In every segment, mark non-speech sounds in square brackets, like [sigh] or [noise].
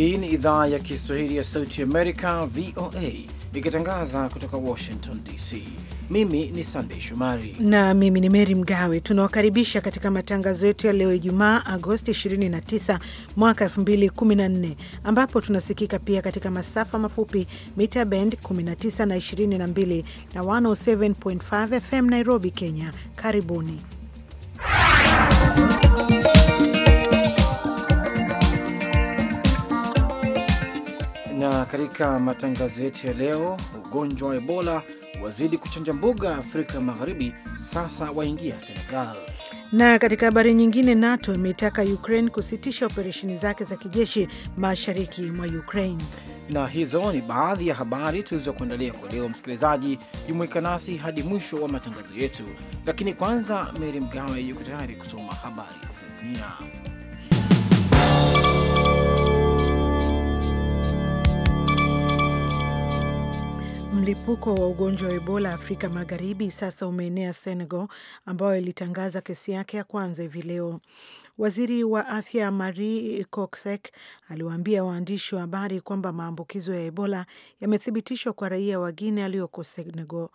Hii ni idhaa ya Kiswahili ya Sauti Amerika, VOA, ikitangaza kutoka Washington DC. Mimi ni Sandei Shomari na mimi ni Mary Mgawe. Tunawakaribisha katika matangazo yetu ya leo Ijumaa, Agosti 29 mwaka 2014, ambapo tunasikika pia katika masafa mafupi mita bend 19 na 22 na 107.5 FM Nairobi, Kenya. Karibuni Na katika matangazo yetu ya leo, ugonjwa wa Ebola wazidi kuchanja mbuga Afrika Magharibi, sasa waingia Senegal. Na katika habari nyingine, NATO imeitaka Ukraine kusitisha operesheni zake za kijeshi mashariki mwa Ukraine. Na hizo ni baadhi ya habari tulizokuandalia kwa leo. Msikilizaji, jumuika nasi hadi mwisho wa matangazo yetu, lakini kwanza, Meri Mgawe yuko tayari kusoma habari za dunia. Mlipuko wa ugonjwa wa Ebola Afrika Magharibi sasa umeenea Senegal, ambayo ilitangaza kesi yake ya kwanza hivi leo. Waziri wa afya Marie Coxek aliwaambia waandishi wa habari kwamba maambukizo ya Ebola yamethibitishwa kwa raia wa guine aliyoko Senegal.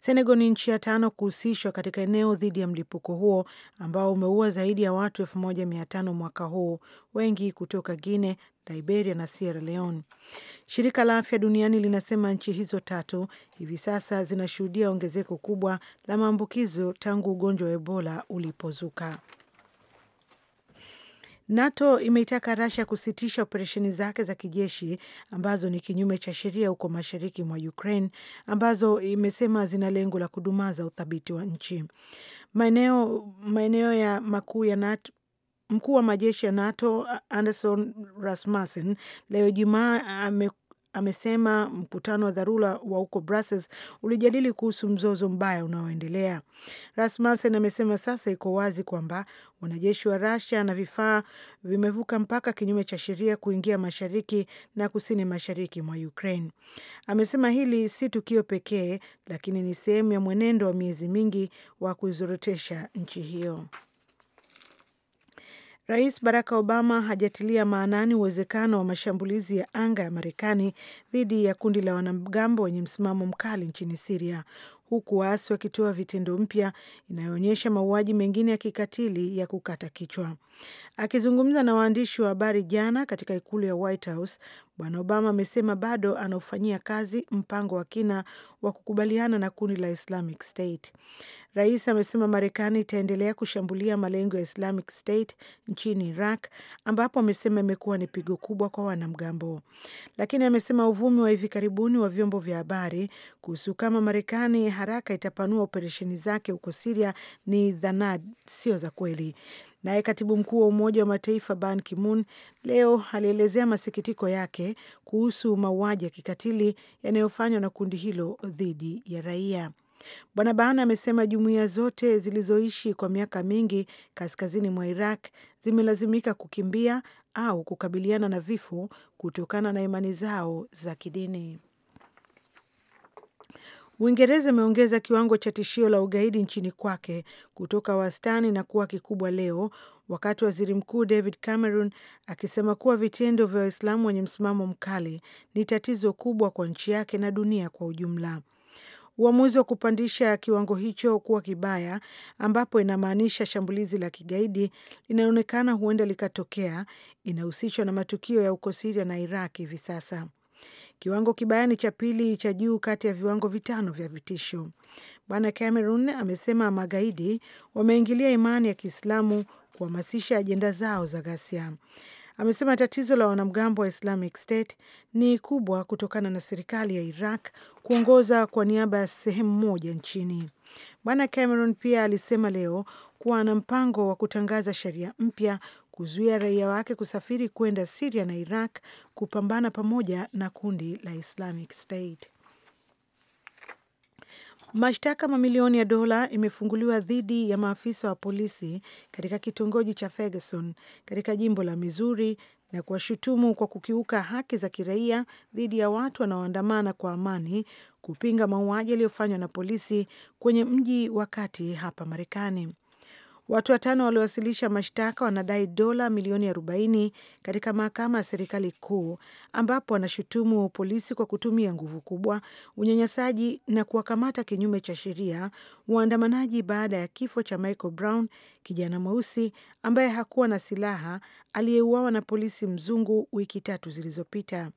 Senegal ni nchi ya tano kuhusishwa katika eneo dhidi ya mlipuko huo ambao umeua zaidi ya watu elfu moja mia tano mwaka huu, wengi kutoka guine Liberia na Sierra Leone. Shirika la Afya Duniani linasema nchi hizo tatu hivi sasa zinashuhudia ongezeko kubwa la maambukizo tangu ugonjwa wa Ebola ulipozuka. NATO imeitaka Rasha kusitisha operesheni zake za kijeshi ambazo ni kinyume cha sheria huko mashariki mwa Ukraine, ambazo imesema zina lengo la kudumaza uthabiti wa nchi. Maeneo maeneo ya makuu ya NATO Mkuu wa majeshi ya NATO Anderson Rasmussen leo Ijumaa amesema mkutano wa dharura wa huko Brussels ulijadili kuhusu mzozo mbaya unaoendelea. Rasmussen amesema sasa iko wazi kwamba wanajeshi wa Russia na vifaa vimevuka mpaka kinyume cha sheria kuingia mashariki na kusini mashariki mwa Ukraine. Amesema hili si tukio pekee, lakini ni sehemu ya mwenendo wa miezi mingi wa kuizorotesha nchi hiyo. Rais Barack Obama hajatilia maanani uwezekano wa mashambulizi ya anga ya Marekani dhidi ya kundi la wanamgambo wenye msimamo mkali nchini Siria, huku waasi wakitoa vitendo mpya inayoonyesha mauaji mengine ya kikatili ya kukata kichwa. Akizungumza na waandishi wa habari jana katika ikulu ya White House, Bwana Obama amesema bado anaofanyia kazi mpango wa kina wa kukubaliana na kundi la Islamic State. Rais amesema Marekani itaendelea kushambulia malengo ya Islamic State nchini Iraq, ambapo amesema imekuwa ni pigo kubwa kwa wanamgambo, lakini amesema uvumi wa hivi karibuni wa vyombo vya habari kuhusu kama Marekani haraka itapanua operesheni zake huko Siria ni dhanaa sio za kweli. Naye katibu mkuu wa Umoja wa Mataifa Ban Ki-moon leo alielezea masikitiko yake kuhusu mauaji ya kikatili yanayofanywa na kundi hilo dhidi ya raia. Bwana Ban amesema jumuiya zote zilizoishi kwa miaka mingi kaskazini mwa Iraq zimelazimika kukimbia au kukabiliana na vifo kutokana na imani zao za kidini. Uingereza imeongeza kiwango cha tishio la ugaidi nchini kwake kutoka wastani na kuwa kikubwa leo, wakati waziri mkuu David Cameron akisema kuwa vitendo vya Waislamu wenye msimamo mkali ni tatizo kubwa kwa nchi yake na dunia kwa ujumla. Uamuzi wa kupandisha kiwango hicho kuwa kibaya, ambapo inamaanisha shambulizi la kigaidi linaonekana huenda likatokea, inahusishwa na matukio ya huko Siria na Iraq hivi sasa kiwango kibayani cha pili cha juu kati ya viwango vitano vya vitisho. Bwana Cameron amesema magaidi wameingilia imani ya Kiislamu kuhamasisha ajenda zao za ghasia. Amesema tatizo la wanamgambo wa Islamic State ni kubwa kutokana na serikali ya Iraq kuongoza kwa niaba ya sehemu moja nchini. Bwana Cameron pia alisema leo kuwa ana mpango wa kutangaza sheria mpya kuzuia raia wake kusafiri kwenda Siria na Iraq kupambana pamoja na kundi la Islamic State. Mashtaka mamilioni ya dola imefunguliwa dhidi ya maafisa wa polisi katika kitongoji cha Ferguson katika jimbo la Mizuri na kuwashutumu kwa kukiuka haki za kiraia dhidi ya watu wanaoandamana kwa amani kupinga mauaji yaliyofanywa na polisi kwenye mji wa kati hapa Marekani. Watu watano waliowasilisha mashtaka wanadai dola milioni 40 katika mahakama ya serikali kuu, ambapo wanashutumu polisi kwa kutumia nguvu kubwa, unyanyasaji na kuwakamata kinyume cha sheria waandamanaji baada ya kifo cha Michael Brown, kijana mweusi ambaye hakuwa na silaha aliyeuawa na polisi mzungu wiki tatu zilizopita.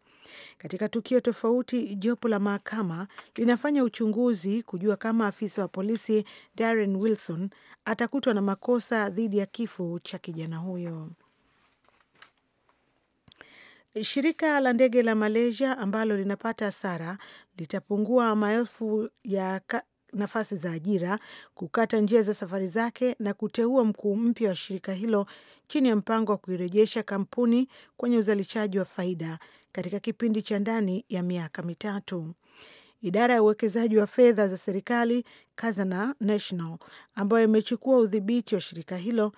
Katika tukio tofauti, jopo la mahakama linafanya uchunguzi kujua kama afisa wa polisi Darren Wilson atakutwa na makosa dhidi ya kifo cha kijana huyo. Shirika la ndege la Malaysia ambalo linapata hasara litapungua maelfu ya nafasi za ajira, kukata njia za safari zake na kuteua mkuu mpya wa shirika hilo chini ya mpango wa kuirejesha kampuni kwenye uzalishaji wa faida katika kipindi cha ndani ya miaka mitatu. Idara ya uwekezaji wa fedha za serikali Kazana National, ambayo imechukua udhibiti wa shirika hilo,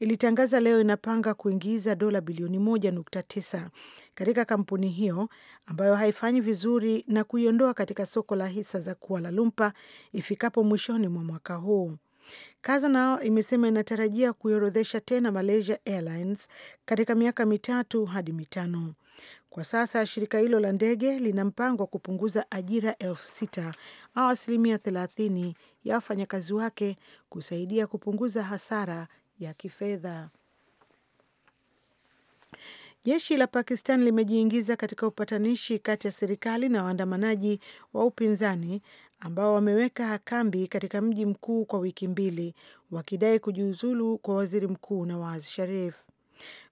ilitangaza leo inapanga kuingiza dola bilioni 1.9 katika kampuni hiyo ambayo haifanyi vizuri na kuiondoa katika soko la hisa za Kuala Lumpur ifikapo mwishoni mwa mwaka huu. Kazana imesema inatarajia kuiorodhesha tena Malaysia Airlines katika miaka mitatu hadi mitano. Kwa sasa shirika hilo la ndege lina mpango wa kupunguza ajira elfu sita au asilimia thelathini ya wafanyakazi wake kusaidia kupunguza hasara ya kifedha. Jeshi la Pakistan limejiingiza katika upatanishi kati ya serikali na waandamanaji wa upinzani ambao wameweka kambi katika mji mkuu kwa wiki mbili wakidai kujiuzulu kwa waziri mkuu Nawaz Sharif.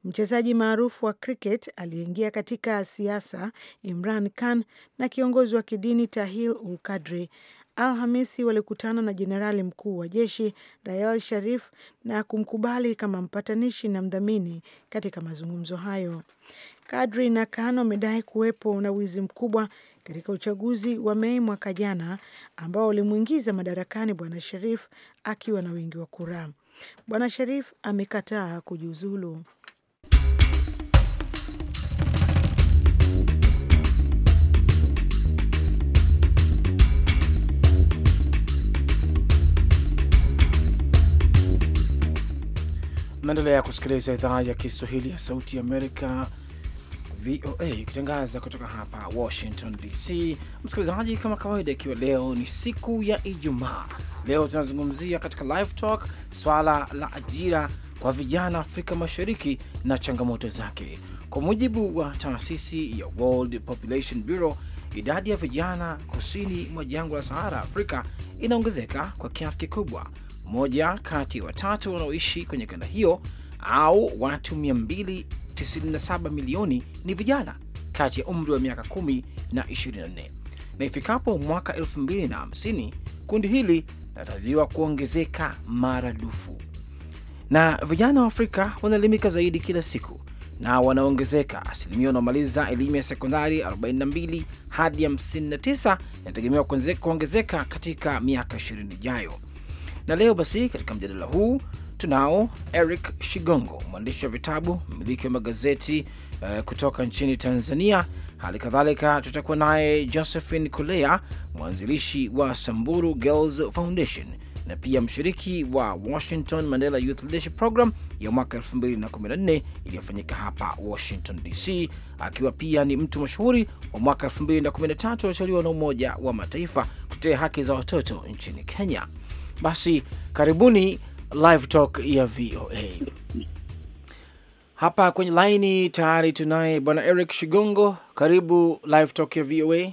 Mchezaji maarufu wa cricket aliyeingia katika siasa Imran Khan na kiongozi wa kidini tahil ul Kadri Alhamisi walikutana na jenerali mkuu wa jeshi Dayal Sharif na kumkubali kama mpatanishi na mdhamini katika mazungumzo hayo. Kadri na Khan wamedai kuwepo na wizi mkubwa katika uchaguzi wa Mei mwaka jana ambao ulimwingiza madarakani Bwana Sharif akiwa na wingi wa kura. Bwana Sharif amekataa kujiuzulu. Naendelea kusikiliza idhaa ya Kiswahili ya Sauti Amerika, VOA, ikitangaza kutoka hapa Washington DC. Msikilizaji, kama kawaida, ikiwa leo ni siku ya Ijumaa, leo tunazungumzia katika Live Talk swala la ajira kwa vijana Afrika Mashariki na changamoto zake. Kwa mujibu wa taasisi ya World Population Bureau, idadi ya vijana kusini mwa jangwa la Sahara Afrika inaongezeka kwa kiasi kikubwa moja kati ya watatu wanaoishi kwenye kanda hiyo au watu 297 milioni ni vijana kati ya umri wa miaka 10 na 24, na ifikapo mwaka 2050 kundi hili linatarajiwa kuongezeka maradufu. Na vijana wa Afrika wanaelimika zaidi kila siku na wanaongezeka. Asilimia wanaomaliza elimu ya sekondari 42 hadi 59 inategemewa kuongezeka katika miaka 20 ijayo. Na leo basi katika mjadala huu tunao Eric Shigongo, mwandishi wa vitabu, mmiliki wa magazeti uh, kutoka nchini Tanzania. Hali kadhalika tutakuwa naye josephin Kulea, mwanzilishi wa Samburu Girls Foundation na pia mshiriki wa Washington Mandela Youth Leadership Program ya mwaka 214 iliyofanyika hapa Washington DC, akiwa pia ni mtu mashuhuri wa mwaka 213 alioteuliwa na Umoja wa Mataifa kutetea haki za watoto nchini Kenya. Basi karibuni Live Talk ya VOA. Hapa kwenye laini tayari tunaye bwana Eric Shigongo, karibu Live Talk ya VOA.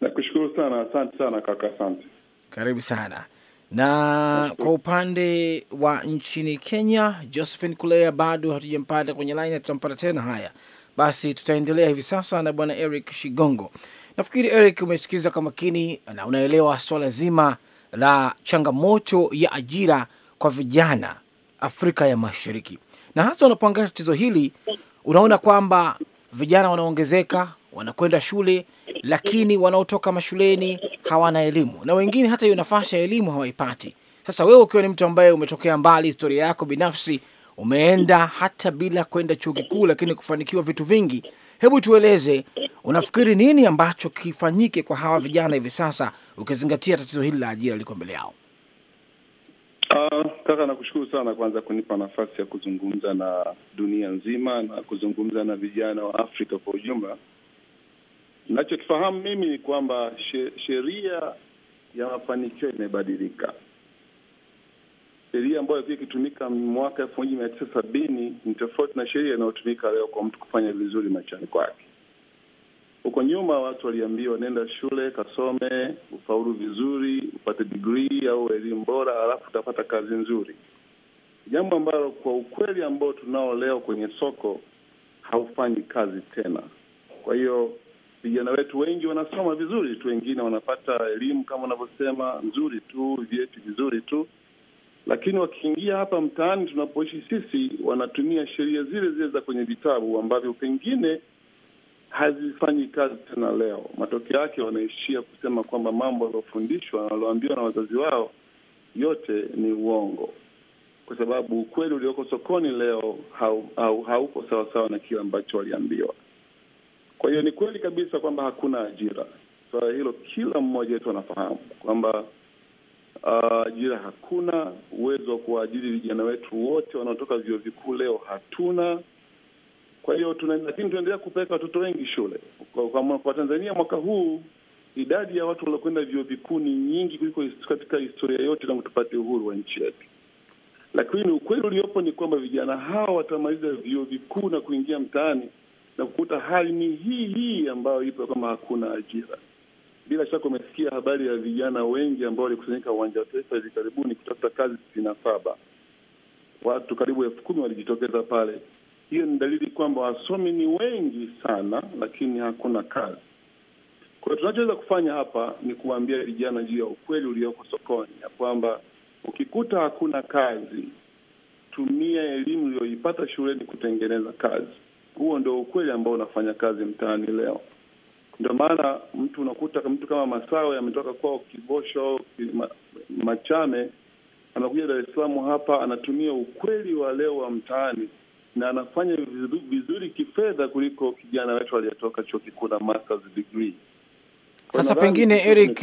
Nakushukuru sana, asante sana kaka, asante. Karibu sana na kwa upande wa nchini Kenya, Josephine Kulea bado hatujampata kwenye laini na tutampata tena. Haya basi, tutaendelea hivi sasa na bwana Eric Shigongo. Nafikiri Eric, umesikiza kwa makini na unaelewa swala zima la changamoto ya ajira kwa vijana Afrika ya Mashariki, na hasa unapoangalia tatizo hili unaona kwamba vijana wanaongezeka, wanakwenda shule, lakini wanaotoka mashuleni hawana elimu, na wengine hata hiyo nafasi ya elimu hawaipati. Sasa wewe ukiwa ni mtu ambaye umetokea mbali, historia yako binafsi, umeenda hata bila kwenda chuo kikuu, lakini kufanikiwa vitu vingi, hebu tueleze, unafikiri nini ambacho kifanyike kwa hawa vijana hivi sasa ukizingatia tatizo hili la ajira liko mbele yao? Uh, kaka nakushukuru sana kwanza kunipa nafasi ya kuzungumza na dunia nzima na kuzungumza na vijana wa Afrika kwa ujumla. Nachokifahamu mimi ni kwamba sheria ya mafanikio imebadilika. Sheria ambayo pia ikitumika mwaka elfu moja mia tisa sabini ni tofauti na sheria inayotumika leo kwa mtu kufanya vizuri maishani kwake. Huko nyuma watu waliambiwa nenda shule kasome, ufaulu vizuri, upate digrii au elimu bora, halafu utapata kazi nzuri, jambo ambalo kwa ukweli ambao tunao leo kwenye soko haufanyi kazi tena. Kwa hiyo vijana wetu wengi wanasoma vizuri tu, wengine wanapata elimu kama wanavyosema nzuri tu, vyeti vizuri tu, lakini wakiingia hapa mtaani tunapoishi sisi, wanatumia sheria zile zile za kwenye vitabu ambavyo pengine hazifanyi kazi tena leo. Matokeo yake wanaishia kusema kwamba mambo waliofundishwa na walioambiwa na wazazi wao yote ni uongo, kwa sababu ukweli ulioko sokoni leo hauko hau, hau sawasawa na kile ambacho waliambiwa. Kwa hiyo ni kweli kabisa kwamba hakuna ajira. Swala so, hilo kila mmoja wetu anafahamu kwamba uh, ajira hakuna, uwezo wa kuwaajiri vijana wetu wote wanaotoka vyuo vikuu leo hatuna kwa hiyo tuna, lakini tunaendelea kupeleka watoto wengi shule kwa, kwa, kwa Tanzania mwaka huu idadi ya watu waliokwenda vyuo vikuu ni nyingi kuliko katika historia yote na kutupatia uhuru wa nchi yetu. Lakini ukweli uliopo ni kwamba vijana hawa watamaliza vyuo vikuu na kuingia mtaani na kukuta hali ni hii hii ambayo ipo kama hakuna ajira. Bila shaka umesikia habari ya vijana wengi ambao walikusanyika uwanja wa Taifa hivi karibuni kutafuta kazi sitini na saba. Watu karibu elfu kumi walijitokeza pale hiyo ni dalili kwamba wasomi ni wengi sana, lakini hakuna kazi. Kwa hiyo tunachoweza kufanya hapa ni kuwaambia vijana juu ya ukweli ulioko sokoni, ya kwamba ukikuta hakuna kazi, tumia elimu uliyoipata shuleni kutengeneza kazi. Huo ndio ukweli ambao unafanya kazi mtaani leo. Ndio maana mtu unakuta mtu kama Masawe ametoka kwao Kibosho Machame, anakuja Dar es Salaam hapa, anatumia ukweli wa leo wa mtaani na anafanya vizuri kifedha kuliko kijana wetu aliyetoka chuo kikuu na masters degree. Sasa pengine Eric,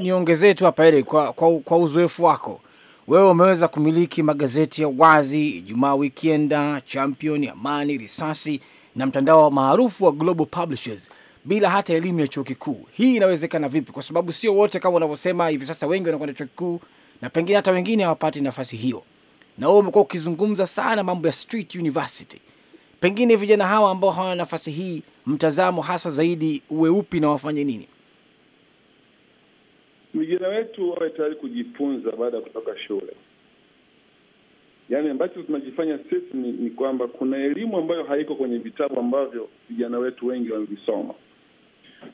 niongezee ni tu hapa Eric, kwa, kwa, kwa uzoefu wako wewe umeweza kumiliki magazeti ya Wazi, Ijumaa Wikienda, Champion, Amani, Risasi na mtandao maarufu wa Global Publishers bila hata elimu ya chuo kikuu. Hii inawezekana vipi? Kwa sababu sio wote kama unavyosema hivi sasa, wengi wanakwenda chuo kikuu na pengine hata wengine hawapati nafasi hiyo na wewe umekuwa ukizungumza sana mambo ya street university, pengine vijana hawa ambao hawana nafasi hii, mtazamo hasa zaidi uwe upi na wafanye nini? Vijana wetu wawe tayari kujifunza baada ya kutoka shule. Yaani ambacho tunajifanya sisi ni, ni kwamba kuna elimu ambayo haiko kwenye vitabu ambavyo vijana wetu wengi wamevisoma.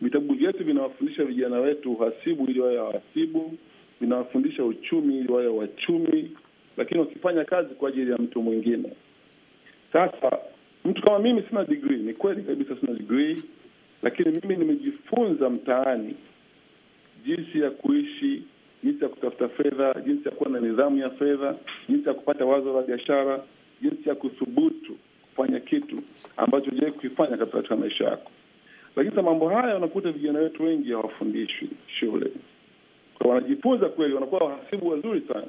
Vitabu vyetu vinawafundisha vijana wetu uhasibu ili wawe wahasibu, vinawafundisha uchumi ili wawe wachumi lakini wakifanya kazi kwa ajili ya mtu mwingine. Sasa mtu kama mimi sina degree, ni kweli kabisa sina degree, lakini mimi nimejifunza mtaani jinsi ya kuishi, jinsi ya kutafuta fedha, jinsi ya kuwa na nidhamu ya fedha, jinsi ya kupata wazo la biashara, jinsi ya kuthubutu kufanya kitu ambacho hujawahi kukifanya katika maisha yako. Lakini sa mambo haya unakuta vijana wetu wengi hawafundishwi shule, wanajifunza kweli, wanakuwa wahasibu wazuri sana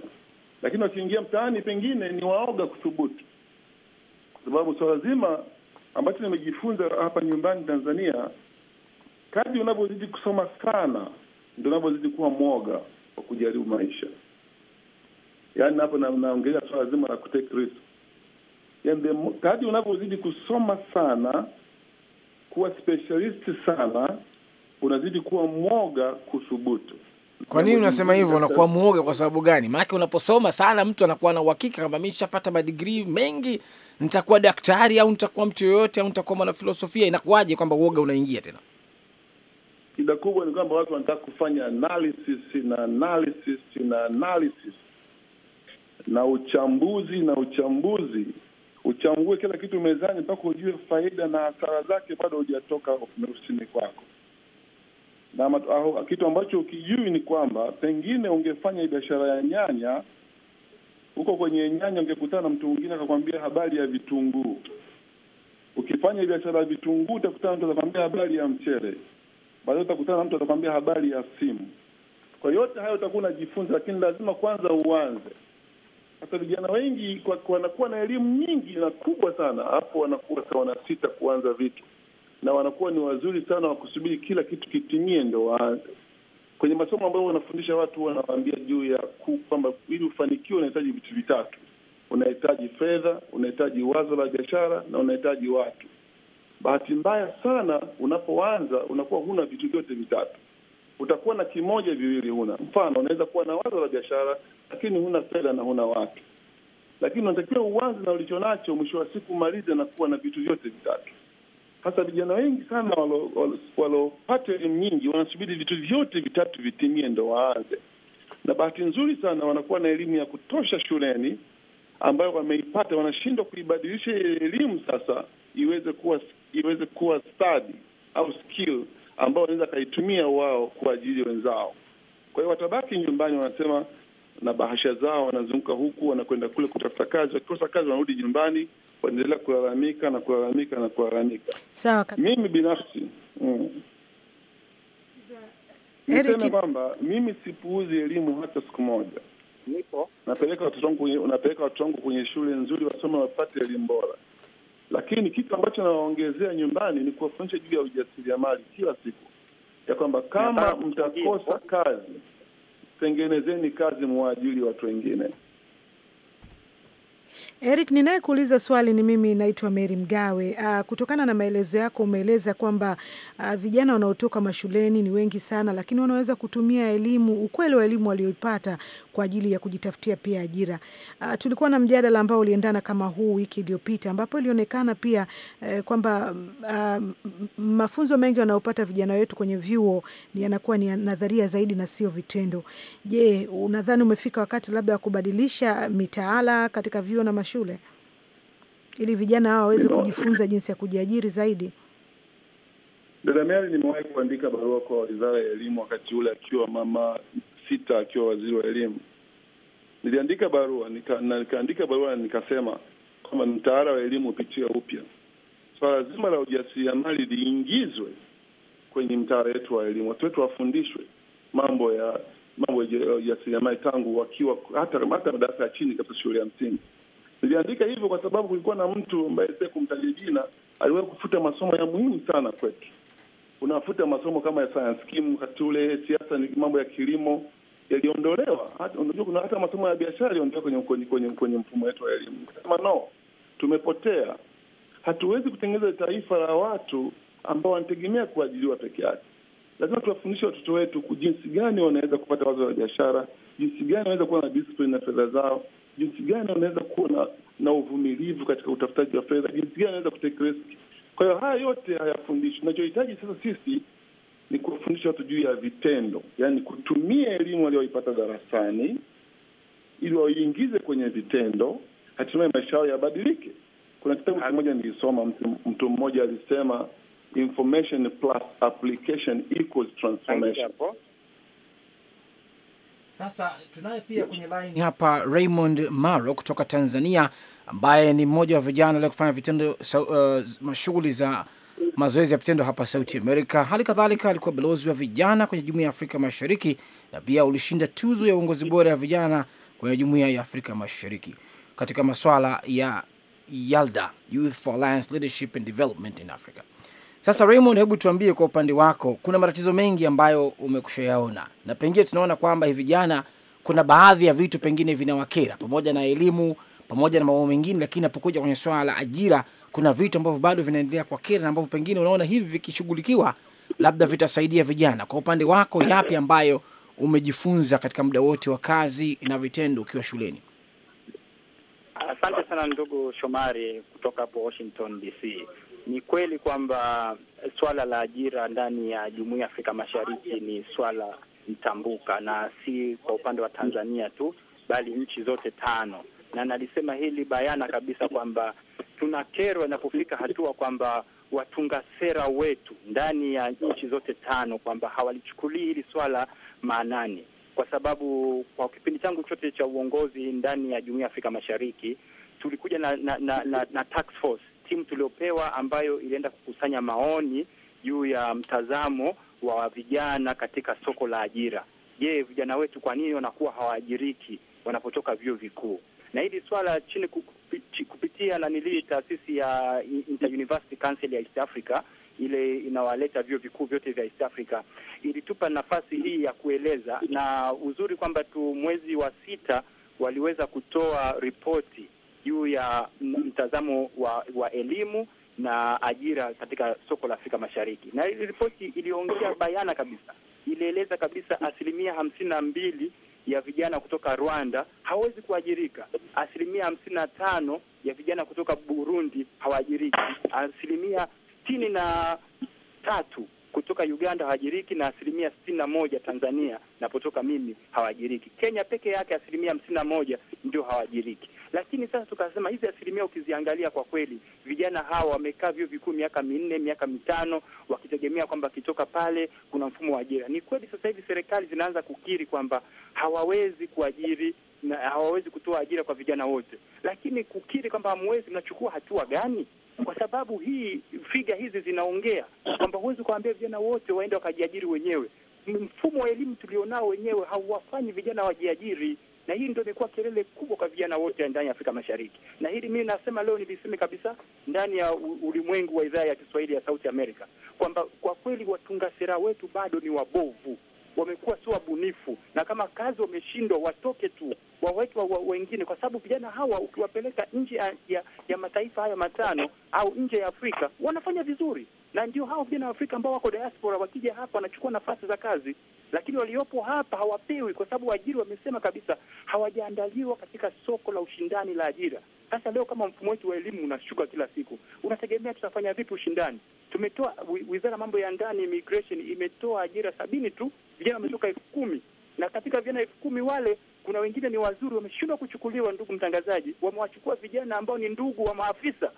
lakini wakiingia mtaani pengine ni waoga kuthubutu, kwa sababu swala zima ambacho nimejifunza hapa nyumbani Tanzania, kadri unavyozidi kusoma sana ndio unavyozidi kuwa mwoga wa kujaribu maisha. Yaani hapo naongelea swala zima la kutake risk. Yaani kadri unavyozidi kusoma sana, kuwa specialist sana, unazidi kuwa mwoga kuthubutu. Kwa nini unasema hivyo? Unakuwa mwoga kwa sababu gani? Maanake unaposoma sana mtu anakuwa na uhakika kwamba mi nishapata madigrii mengi, nitakuwa daktari au nitakuwa mtu yoyote au nitakuwa mwanafilosofia. Inakuwaje kwamba uoga unaingia tena? Shida kubwa ni kwamba watu wanataka kufanya analysis na analysis na analysis na uchambuzi na uchambuzi, uchambue kila kitu mezani mpaka ujue faida na hasara zake, bado hujatoka ofisini kwako na ah, kitu ambacho ukijui ni kwamba pengine ungefanya biashara ya nyanya huko kwenye nyanya, ungekutana na mtu mwingine akakwambia habari ya vitunguu. Ukifanya biashara ya vitunguu, utakutana mtu atakwambia habari ya mchele, baadaye utakutana na mtu atakwambia habari ya simu. Kwa yote hayo utakuwa unajifunza, lakini lazima kwanza uanze. Sasa vijana wengi wanakuwa na elimu nyingi na kubwa sana, hapo wanakuwa sita kuanza vitu na wanakuwa ni wazuri sana wa kusubiri kila kitu kitimie, ndo wa kwenye masomo ambayo wanafundisha watu, wanawaambia juu ya kwamba ili ufanikiwe unahitaji vitu vitatu: unahitaji fedha, unahitaji wazo la biashara na unahitaji watu. Bahati mbaya sana, unapoanza unakuwa huna vitu vyote vitatu. Utakuwa na kimoja, viwili huna. Mfano, unaweza kuwa na wazo la biashara lakini huna fedha na huna watu. Lakini unatakiwa uanze na ulicho nacho, mwisho wa siku malize na kuwa na vitu vyote vitatu. Hasa vijana wengi sana waliopata elimu nyingi wanasubiri vitu vyote vitatu vitimie ndo waanze, na bahati nzuri sana wanakuwa na elimu ya kutosha shuleni ambayo wameipata, wanashindwa kuibadilisha ile elimu sasa iweze kuwa iweze kuwa stadi au skill ambao wanaweza wakaitumia wao kuajiri wenzao. Kwa hiyo watabaki nyumbani, wanasema na bahasha zao, wanazunguka huku wanakwenda kule kutafuta kazi, wakikosa kazi wanarudi nyumbani, waendelea kulalamika na kulalamika na kulalamika. Sawa Mimi binafsi mm. niseme kwamba mimi sipuuzi elimu hata siku moja. Nipo napeleka watoto wangu, napeleka watoto wangu kwenye shule nzuri wasome, wapate elimu bora, lakini kitu ambacho nawaongezea nyumbani ni kuwafundisha juu ya ujasiriamali kila siku, ya kwamba kama mtakosa kazi, tengenezeni kazi, muajiri watu wengine. Eric, ninayekuuliza swali ni mimi, naitwa Mary Mgawe. Uh, kutokana na maelezo yako umeeleza kwamba uh, vijana wanaotoka mashuleni ni wengi sana, lakini wanaweza kutumia elimu, ukweli wa elimu walioipata kwa ajili ya kujitafutia pia ajira. Uh, tulikuwa na mjadala ambao uliendana kama huu wiki iliyopita, ambapo ilionekana pia uh, kwamba uh, mafunzo mengi wanayopata vijana wetu kwenye vyuo ni yanakuwa ni nadharia zaidi na sio vitendo. Je, unadhani umefika wakati labda wa kubadilisha mitaala katika vyuo na mashule ili vijana hao waweze kujifunza jinsi ya kujiajiri zaidi. Dada Mary, nimewahi kuandika barua kwa wizara ya elimu wakati ule akiwa mama sita akiwa waziri wa elimu. Niliandika barua nika, na nikaandika barua na nikasema kwamba mtaala wa elimu upitia upya swala so, zima la ujasiriamali liingizwe kwenye mtaala wetu wa elimu. Watu wetu wafundishwe mambo ya mambo ya ujasiriamali tangu wakiwa hata hata madarasa ya chini kabisa, shule ya msingi. Niliandika hivyo kwa sababu kulikuwa na mtu ambaye sasa kumtaja jina aliwahi kufuta masomo ya muhimu sana kwetu. Unafuta masomo kama ya science kimu, katule, siasa ni mambo ya kilimo yaliondolewa. Hata unajua kuna hata masomo ya biashara yaliondolewa kwenye kwenye kwenye, kwenye mfumo wetu wa elimu. Kama no, tumepotea. Hatuwezi kutengeneza taifa la watu ambao wanategemea kuajiriwa peke yake. Lazima tuwafundishe watoto wetu jinsi gani wanaweza kupata wazo la biashara, jinsi gani wanaweza kuwa na discipline na fedha zao jinsi gani wanaweza kuwa na, na uvumilivu katika utafutaji wa fedha, jinsi gani wanaweza kutekeleza. Kwa hiyo haya yote hayafundishi. unachohitaji sasa sisi ni kuwafundisha watu juu ya vitendo, yaani kutumia elimu walioipata darasani ili waiingize kwenye vitendo, hatimaye maisha yao yabadilike. Kuna kitabu kimoja nilisoma, mtu, mtu mmoja alisema information plus application equals transformation. Sasa tunaye pia kwenye line hapa Raymond Maro kutoka Tanzania, ambaye ni mmoja wa vijana wale kufanya vitendo uh, mashughuli za mazoezi ya vitendo hapa Sauti Amerika. Hali kadhalika alikuwa balozi wa vijana kwenye Jumuiya ya Afrika Mashariki na pia ulishinda tuzo ya uongozi bora ya vijana kwenye Jumuiya ya Afrika Mashariki katika maswala ya YALDA, Youth for Alliance Leadership and Development in Africa. Sasa Raymond, hebu tuambie kwa upande wako, kuna matatizo mengi ambayo umekusha yaona na pengine tunaona kwamba hivi jana kuna baadhi ya vitu pengine vinawakera, pamoja na elimu, pamoja na mambo mengine, lakini apokuja kwenye swala la ajira, kuna vitu ambavyo bado vinaendelea kwa kera na ambavyo pengine unaona hivi vikishughulikiwa, labda vitasaidia vijana. Kwa upande wako, yapi ambayo umejifunza katika muda wote wa kazi na vitendo ukiwa shuleni? Asante sana ndugu Shomari kutoka hapo Washington DC. Ni kweli kwamba swala la ajira ndani ya Jumuiya ya Afrika Mashariki ni swala mtambuka na si kwa upande wa Tanzania tu, bali nchi zote tano, na nalisema hili bayana kabisa kwamba tunakerwa inapofika hatua kwamba watunga sera wetu ndani ya nchi zote tano kwamba hawalichukulii hili swala maanani, kwa sababu kwa kipindi changu chote cha uongozi ndani ya Jumuiya ya Afrika Mashariki tulikuja na, na, na, na, na task force timu tuliopewa ambayo ilienda kukusanya maoni juu ya mtazamo wa vijana katika soko la ajira. Je, vijana wetu kwa nini wanakuwa hawaajiriki wanapotoka vyuo vikuu? Na hili swala chini kupitia nanilii taasisi ya Inter-University Council ya East Africa ile inawaleta vyuo vikuu vyote vya East Africa ilitupa nafasi hii ya kueleza, na uzuri kwamba tu mwezi wa sita waliweza kutoa ripoti juu ya mtazamo wa, wa elimu na ajira katika soko la Afrika Mashariki, na hii ripoti iliongea bayana kabisa, ilieleza kabisa asilimia hamsini na mbili ya vijana kutoka Rwanda hawezi kuajirika. Asilimia hamsini na tano ya vijana kutoka Burundi hawaajiriki. Asilimia sitini na tatu kutoka Uganda hawaajiriki, na asilimia sitini na moja Tanzania napotoka mimi hawaajiriki. Kenya peke yake asilimia hamsini na moja ndio hawaajiriki. Lakini sasa tukasema hizi asilimia ukiziangalia, kwa kweli vijana hawa wamekaa vyuo vikuu miaka minne, miaka mitano, wakitegemea kwamba wakitoka pale kuna mfumo wa ajira. Ni kweli sasa hivi serikali zinaanza kukiri kwamba hawawezi kuajiri na hawawezi kutoa ajira kwa vijana wote, lakini kukiri kwamba hamwezi, mnachukua hatua gani? Kwa sababu hii figa hizi zinaongea kwamba huwezi kuwaambia vijana wote waende wakajiajiri wenyewe. Mfumo wa elimu tulionao wenyewe hauwafanyi vijana wajiajiri na hii ndio imekuwa kelele kubwa kwa vijana wote ndani ya Afrika Mashariki, na hili mimi nasema leo niliseme kabisa ndani ya ulimwengu wa idhaa ya Kiswahili ya Sauti Amerika kwamba kwa kweli watunga sera wetu bado ni wabovu wamekuwa sio wabunifu, na kama kazi wameshindwa, watoke tu waweke wengine, kwa sababu vijana hawa ukiwapeleka nje ya, ya, ya mataifa haya matano au nje ya Afrika wanafanya vizuri, na ndio hao vijana wa Afrika ambao wako diaspora, wakija hapa wanachukua nafasi za kazi, lakini waliopo hapa hawapewi, kwa sababu waajiri wamesema kabisa hawajaandaliwa katika soko la ushindani la ajira. Sasa leo kama mfumo wetu wa elimu unashuka kila siku, unategemea tutafanya vipi ushindani? Tumetoa wizara mambo ya ndani immigration imetoa ajira sabini tu vijana wametoka elfu kumi na katika vijana elfu kumi wale kuna wengine ni wazuri, wameshindwa kuchukuliwa. Ndugu mtangazaji, wamewachukua vijana ambao ni ndugu wa maafisa,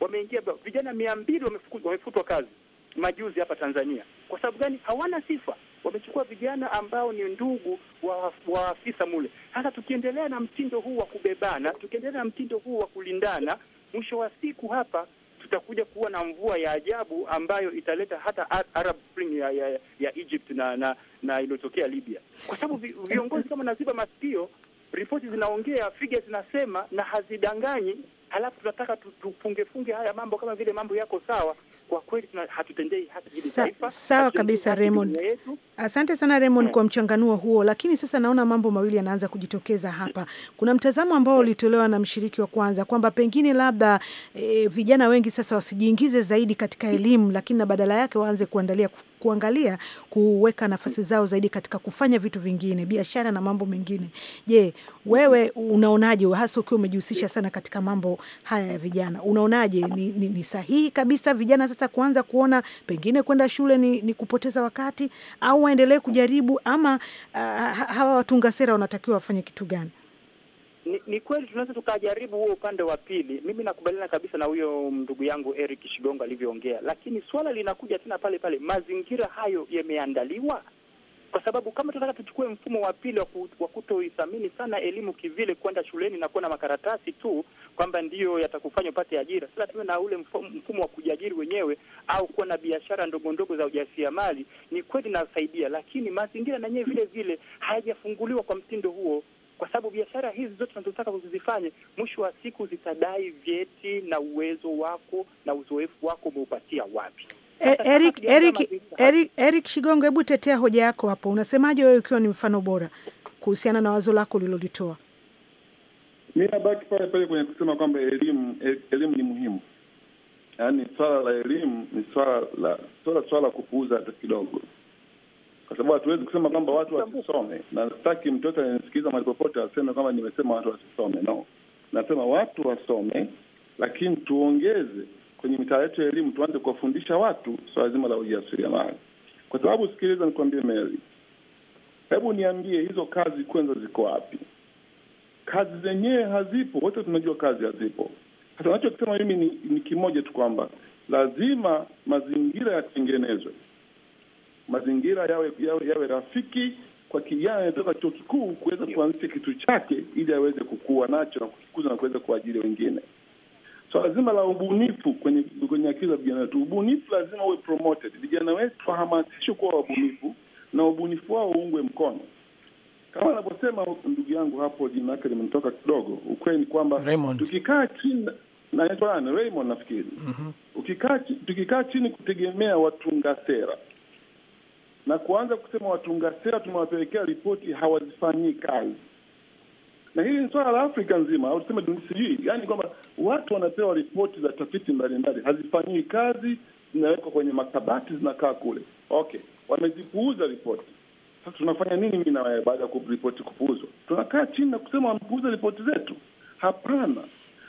wameingia vijana mia mbili wamefutwa kazi majuzi hapa Tanzania. Kwa sababu gani? Hawana sifa. Wamechukua vijana ambao ni ndugu wa waafisa mule. Sasa tukiendelea na mtindo huu wa kubebana, tukiendelea na mtindo huu wa kulindana, mwisho wa siku hapa tutakuja kuwa na mvua ya ajabu ambayo italeta hata Arab Spring ya, ya, ya Egypt na na, na iliyotokea Libya, kwa sababu viongozi kama naziba masikio, ripoti zinaongea, figures zinasema na hazidanganyi alafu tunataka tufungefunge haya mambo kama vile mambo yako sawa. Kwa kweli hatutendei haki hili taifa. Sawa kabisa Raymond, asante sana Raymond eh. kwa mchanganuo huo. Lakini sasa naona mambo mawili yanaanza kujitokeza hapa. Kuna mtazamo ambao eh. ulitolewa na mshiriki wa kwanza kwamba pengine labda e, vijana wengi sasa wasijiingize zaidi katika elimu, lakini na badala yake waanze kuandalia kuangalia kuweka nafasi zao zaidi katika kufanya vitu vingine, biashara na mambo mengine. Je, wewe unaonaje, hasa ukiwa umejihusisha sana katika mambo haya ya vijana. Unaonaje, ni, ni, ni sahihi kabisa vijana sasa kuanza kuona pengine kwenda shule ni, ni kupoteza wakati au waendelee kujaribu ama uh, hawa watunga sera wanatakiwa wafanye kitu gani? Ni, ni kweli tunaweza tukajaribu huo upande wa pili. Mimi nakubaliana kabisa na huyo ndugu yangu Eric Shigongo alivyoongea, lakini swala linakuja tena pale pale, mazingira hayo yameandaliwa kwa sababu kama tunataka tuchukue mfumo wa pili wa kutoithamini sana elimu kivile, kwenda shuleni na kuwa na makaratasi tu kwamba ndiyo yatakufanya upate ajira. Sasa tuwe na ule mfumo wa kujiajiri wenyewe au kuwa na biashara ndogo ndogo za ujasiriamali. Ni kweli nasaidia, lakini mazingira na vile vile hayajafunguliwa kwa mtindo huo kwa sababu biashara hizi zote tunazotaka kuzifanya mwisho wa siku zitadai vyeti na uwezo wako na uzoefu wako umeupatia wapi. E, [laughs] Eric, Eric, Eric, Eric Shigongo, hebu tetea hoja yako hapo. Unasemaje wewe ukiwa ni mfano bora kuhusiana na wazo lako ulilolitoa? Mi nabaki pale pale kwenye kusema kwamba elimu e, elimu ni muhimu, yaani swala la elimu ni swala la swala swala la kupuuza hata kidogo, kwa sababu hatuwezi kusema kwamba watu wasisome, na sitaki mtoto ananisikiliza mahali popote aseme kwamba nimesema watu wasisome. No, nasema watu wasome, lakini tuongeze kwenye mitaa yetu ya elimu, tuanze kuwafundisha watu swala zima la ujasiriamali, kwa sababu sikiliza, nikuambie meli hebu niambie, hizo kazi kwanza ziko wapi? Kazi zenyewe hazipo, wote tunajua kazi hazipo. Sasa nachokisema mimi ni, ni kimoja tu kwamba lazima mazingira yatengenezwe, mazingira yawe, yawe, yawe rafiki kwa kijana anatoka chuo kikuu kuweza kuanzisha kitu chake ili aweze kukua nacho na kukikuza na kuweza kuajiri wengine swala so, zima la ubunifu kwenye kwenye akili za vijana wetu. Ubunifu lazima uwe promoted, vijana wetu wahamasishwe kuwa wabunifu na ubunifu wao uungwe mkono, kama anavyosema ndugu yangu hapo, jina lake limenitoka kidogo. Ukweli ni kwamba tukikaa chini na Raymond nafikiri mm -hmm. ukikaa tukikaa chini kutegemea watunga sera na kuanza kusema watunga sera tumewapelekea ripoti, hawazifanyii kazi na hili ni swala la Afrika nzima au tuseme dunia, sijui yani kwamba watu wanapewa ripoti za tafiti mbalimbali, hazifanyii kazi, zinawekwa kwenye makabati, zinakaa kule. Okay, wamezipuuza ripoti. Sasa tunafanya nini? Mi nawe baada ya kuripoti kupuuzwa, tunakaa chini na kusema wamepuuza ripoti zetu? Hapana.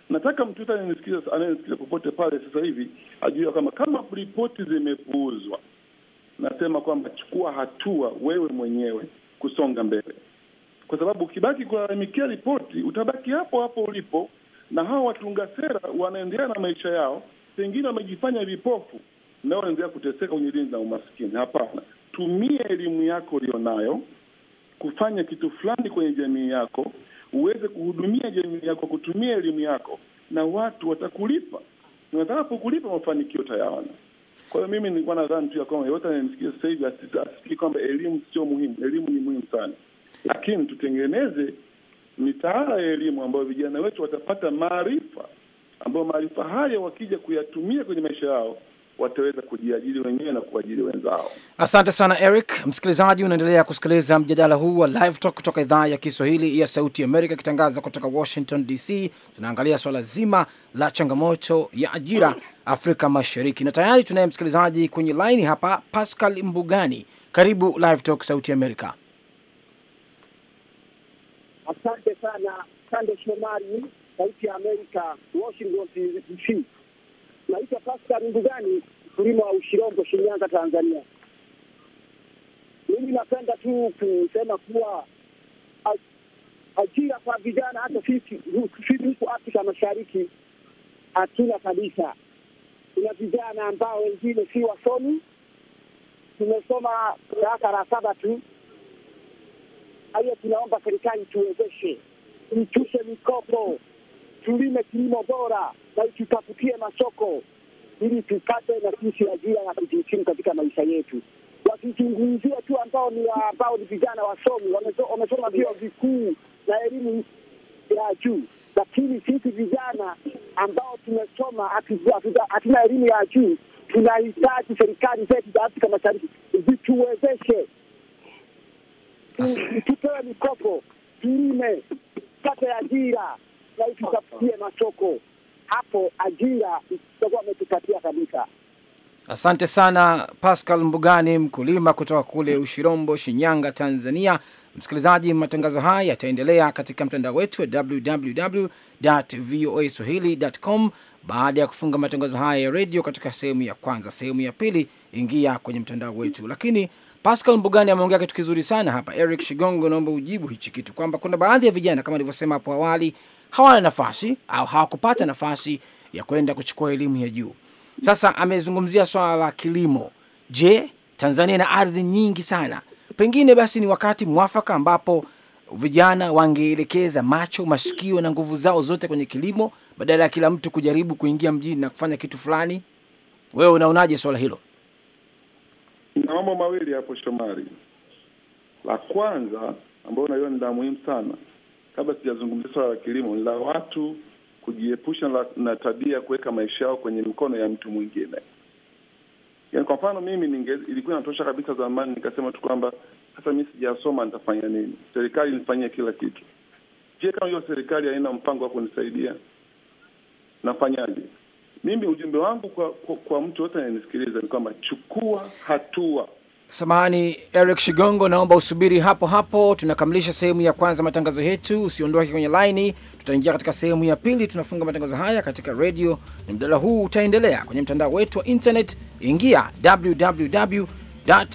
Nataka mtu yote anayenisikiza popote pale sasa hivi ajua kama kama ripoti zimepuuzwa, nasema kwamba chukua hatua wewe mwenyewe kusonga mbele kwa sababu ukibaki kulalamikia ripoti utabaki hapo hapo ulipo, na hawa watunga sera wanaendelea na maisha yao, pengine wamejifanya vipofu na wanaendelea kuteseka kwenye dini na umaskini. Hapana, tumia elimu yako ulionayo kufanya kitu fulani kwenye jamii yako, uweze kuhudumia jamii yako kutumia elimu yako, na watu watakulipa, na watakapokulipa mafanikio utayaona. Kwa hiyo mimi nilikuwa nadhani tu ya kwamba yeyote anayemsikia sasa hivi kwamba elimu sio muhimu. Elimu ni muhimu sana lakini tutengeneze mitaala ya elimu ambayo vijana wetu watapata maarifa, ambayo maarifa haya wakija kuyatumia kwenye maisha yao wataweza kujiajiri wenyewe na kuajiri wenzao. Asante sana Eric. Msikilizaji, unaendelea kusikiliza mjadala huu wa Live Talk kutoka idhaa ya Kiswahili ya Sauti Amerika ikitangaza kutoka Washington DC. Tunaangalia swala zima la changamoto ya ajira Afrika Mashariki, na tayari tunaye msikilizaji kwenye laini hapa, Pascal Mbugani. Karibu Live Talk Sauti Amerika. Asante sana Sande Shomari, Sauti ya Amerika, Washington DC. Naitwa Paska Ndugani, mkulima wa Ushirombo, Shinyanga, Tanzania. Mimi napenda tu kusema kuwa ajira kwa vijana, hata sisi huku Afrika Mashariki hatuna kabisa. Kuna vijana ambao wengine si wasomi, tumesoma darasa la saba tu Haya, tunaomba serikali tuwezeshe, tuchushe mikopo, tulime kilimo bora na tutafutie masoko ili tupate na sisi ajira na kujikimu katika maisha yetu. Wakizungumzia tu ambao ni ambao ni vijana wasomi, wamesoma vyuo vikuu na elimu ya juu, lakini sisi vijana ambao tumesoma hatuna elimu ya juu, tunahitaji serikali zetu za Afrika Mashariki zituwezeshe tupewe mikopo, tulime, tupate ajira na tutafutie masoko. Hapo ajira itakuwa ametupatia kabisa. Asante sana Pascal Mbugani, mkulima kutoka kule Ushirombo, Shinyanga, Tanzania. Msikilizaji, matangazo haya yataendelea katika mtandao wetu wa www voa swahili.com. Baada ya kufunga matangazo haya ya redio katika sehemu ya kwanza, sehemu ya pili, ingia kwenye mtandao wetu, lakini Pascal Mbugani ameongea kitu kizuri sana hapa. Eric Shigongo, naomba ujibu hichi kitu kwamba kuna baadhi ya vijana kama nilivyosema hapo awali hawana nafasi au hawakupata nafasi ya kwenda kuchukua elimu ya juu. Sasa amezungumzia swala la kilimo. Je, Tanzania ina ardhi nyingi sana, pengine basi ni wakati mwafaka ambapo vijana wangeelekeza macho, masikio na nguvu zao zote kwenye kilimo badala ya kila mtu kujaribu kuingia mjini na kufanya kitu fulani. Wewe unaonaje swala hilo? kuna mambo mawili hapo Shomari. La kwanza ambayo naliona ni la muhimu sana, kabla sijazungumzia swala la kilimo, ni la watu kujiepusha na tabia ya kuweka maisha yao kwenye mikono ya mtu mwingine. Yani kwa mfano mimi ninge, ilikuwa inatosha kabisa zamani nikasema tu kwamba sasa mi sijasoma nitafanya nini? Serikali nifanyie kila kitu. Je, kama hiyo serikali haina mpango wa kunisaidia nafanyaje? Mimi ujumbe wangu kwa, kwa, kwa mtu yote anayenisikiliza ni kwamba chukua hatua. Samahani Eric Shigongo, naomba usubiri hapo hapo. Tunakamilisha sehemu ya kwanza matangazo yetu, usiondoke kwenye laini, tutaingia katika sehemu ya pili. Tunafunga matangazo haya katika redio, na mjadala huu utaendelea kwenye mtandao wetu wa internet. Ingia www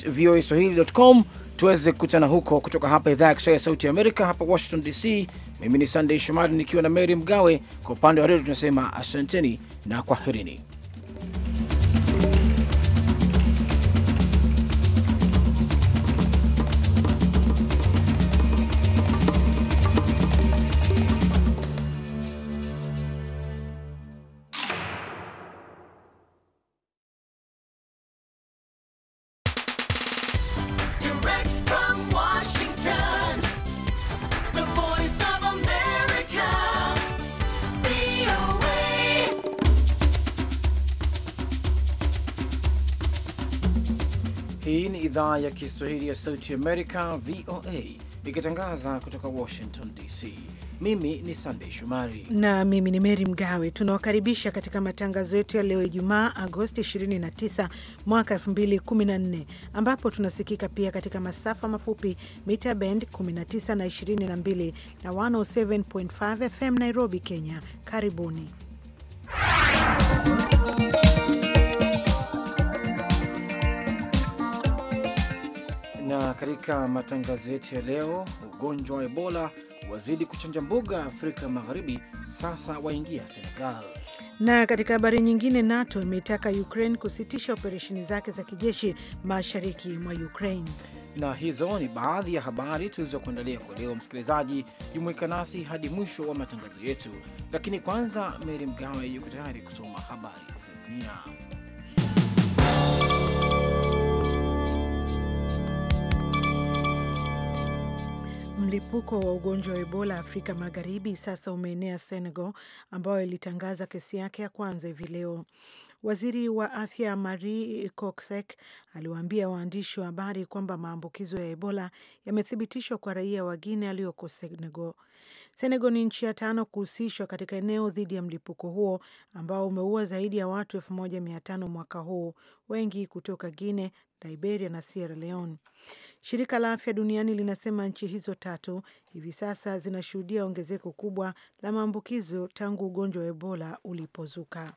voa com tuweze kukutana huko. Kutoka hapa idhaa ya Kiswahili ya Sauti ya Amerika hapa Washington DC. Mimi ni Sandey Shomari nikiwa na Mary Mgawe. Kwa upande wa redio tunasema asanteni na kwaherini. idhaa ya Kiswahili ya Sauti Amerika, VOA, ikitangaza kutoka Washington DC. Mimi ni Sandey Shomari na mimi ni Meri Mgawe. Tunawakaribisha katika matangazo yetu ya leo Ijumaa, Agosti 29 mwaka 2014, ambapo tunasikika pia katika masafa mafupi mita bend 19 na 22 na 107.5 FM Nairobi, Kenya. Karibuni Na katika matangazo yetu ya leo, ugonjwa wa Ebola wazidi kuchanja mbuga Afrika Magharibi, sasa waingia Senegal. Na katika habari nyingine, NATO imeitaka Ukraine kusitisha operesheni zake za kijeshi mashariki mwa Ukraine. Na hizo ni baadhi ya habari tulizokuandalia kwa leo. Msikilizaji, jumuika nasi hadi mwisho wa matangazo yetu, lakini kwanza, Meri Mgawe yuko tayari kusoma habari za dunia. Mlipuko wa ugonjwa wa Ebola Afrika Magharibi sasa umeenea Senegal, ambayo ilitangaza kesi yake ya kwanza hivi leo. Waziri wa afya Marie Coxek aliwaambia waandishi wa habari kwamba maambukizo ya Ebola yamethibitishwa kwa raia wa guine aliyoko Senegal. Senegal ni nchi ya tano kuhusishwa katika eneo dhidi ya mlipuko huo ambao umeua zaidi ya watu elfu moja mia tano mwaka huu, wengi kutoka guine Liberia na Sierra Leone. Shirika la Afya Duniani linasema nchi hizo tatu hivi sasa zinashuhudia ongezeko kubwa la maambukizo tangu ugonjwa wa Ebola ulipozuka.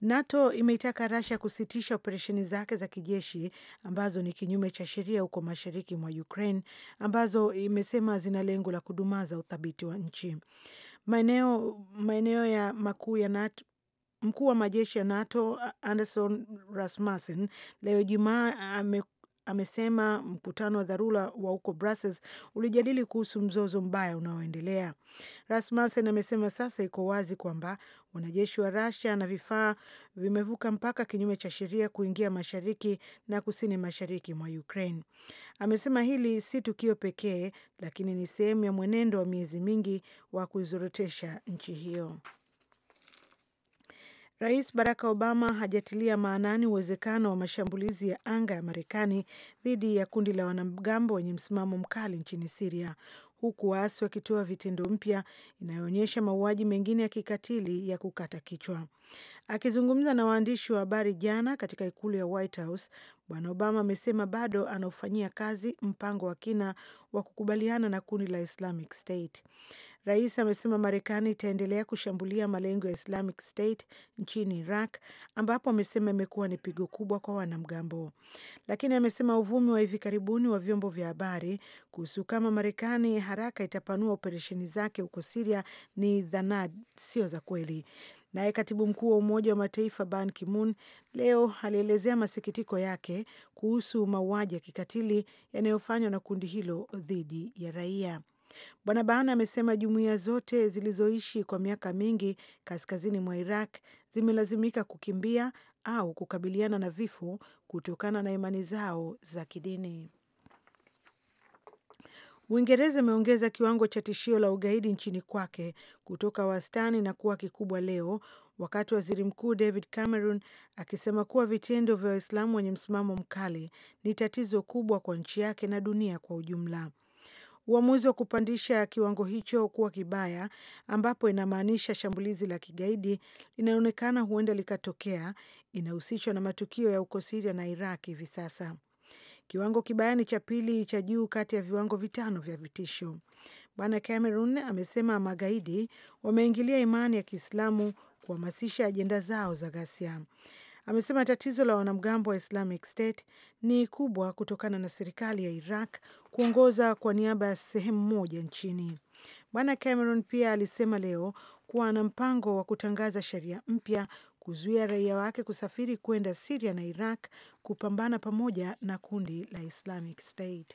NATO imeitaka rasha kusitisha operesheni zake za kijeshi ambazo ni kinyume cha sheria huko mashariki mwa Ukraine ambazo imesema zina lengo la kudumaza uthabiti wa nchi. Maeneo maeneo ya makuu ya NATO Mkuu wa majeshi ya NATO Anderson Rasmussen leo Ijumaa amesema mkutano wa dharura wa huko Brussels ulijadili kuhusu mzozo mbaya unaoendelea. Rasmussen amesema sasa iko wazi kwamba wanajeshi wa Russia na vifaa vimevuka mpaka kinyume cha sheria kuingia mashariki na kusini mashariki mwa Ukraine. Amesema hili si tukio pekee, lakini ni sehemu ya mwenendo wa miezi mingi wa kuizorotesha nchi hiyo. Rais Barack Obama hajatilia maanani uwezekano wa mashambulizi ya anga ya Marekani dhidi ya kundi la wanamgambo wenye msimamo mkali nchini Siria, huku waasi wakitoa vitendo mpya inayoonyesha mauaji mengine ya kikatili ya kukata kichwa. Akizungumza na waandishi wa habari jana katika ikulu ya White House, Bwana Obama amesema bado anaofanyia kazi mpango wa kina wa kukubaliana na kundi la Islamic State. Rais amesema Marekani itaendelea kushambulia malengo ya Islamic State nchini Iraq, ambapo amesema imekuwa ni pigo kubwa kwa wanamgambo. Lakini amesema uvumi wa hivi karibuni wa vyombo vya habari kuhusu kama Marekani haraka itapanua operesheni zake huko Siria ni dhanad, sio za kweli. Naye katibu mkuu wa Umoja wa Mataifa Ban Ki-moon leo alielezea masikitiko yake kuhusu mauaji ya kikatili yanayofanywa na kundi hilo dhidi ya raia. Bwana Baana amesema jumuiya zote zilizoishi kwa miaka mingi kaskazini mwa Iraq zimelazimika kukimbia au kukabiliana na vifo kutokana na imani zao za kidini. Uingereza imeongeza kiwango cha tishio la ugaidi nchini kwake kutoka wastani na kuwa kikubwa leo, wakati waziri mkuu David Cameron akisema kuwa vitendo vya Waislamu wenye msimamo mkali ni tatizo kubwa kwa nchi yake na dunia kwa ujumla. Uamuzi wa kupandisha kiwango hicho kuwa kibaya, ambapo inamaanisha shambulizi la kigaidi linaonekana huenda likatokea, inahusishwa na matukio ya huko Siria na Iraq hivi sasa. Kiwango kibaya ni cha pili cha juu kati ya viwango vitano vya vitisho. Bwana Cameron amesema magaidi wameingilia imani ya Kiislamu kuhamasisha ajenda zao za ghasia amesema tatizo la wanamgambo wa Islamic State ni kubwa kutokana na serikali ya Iraq kuongoza kwa niaba ya sehemu moja nchini. Bwana Cameron pia alisema leo kuwa ana mpango wa kutangaza sheria mpya kuzuia raia wake kusafiri kwenda Siria na Iraq kupambana pamoja na kundi la Islamic State.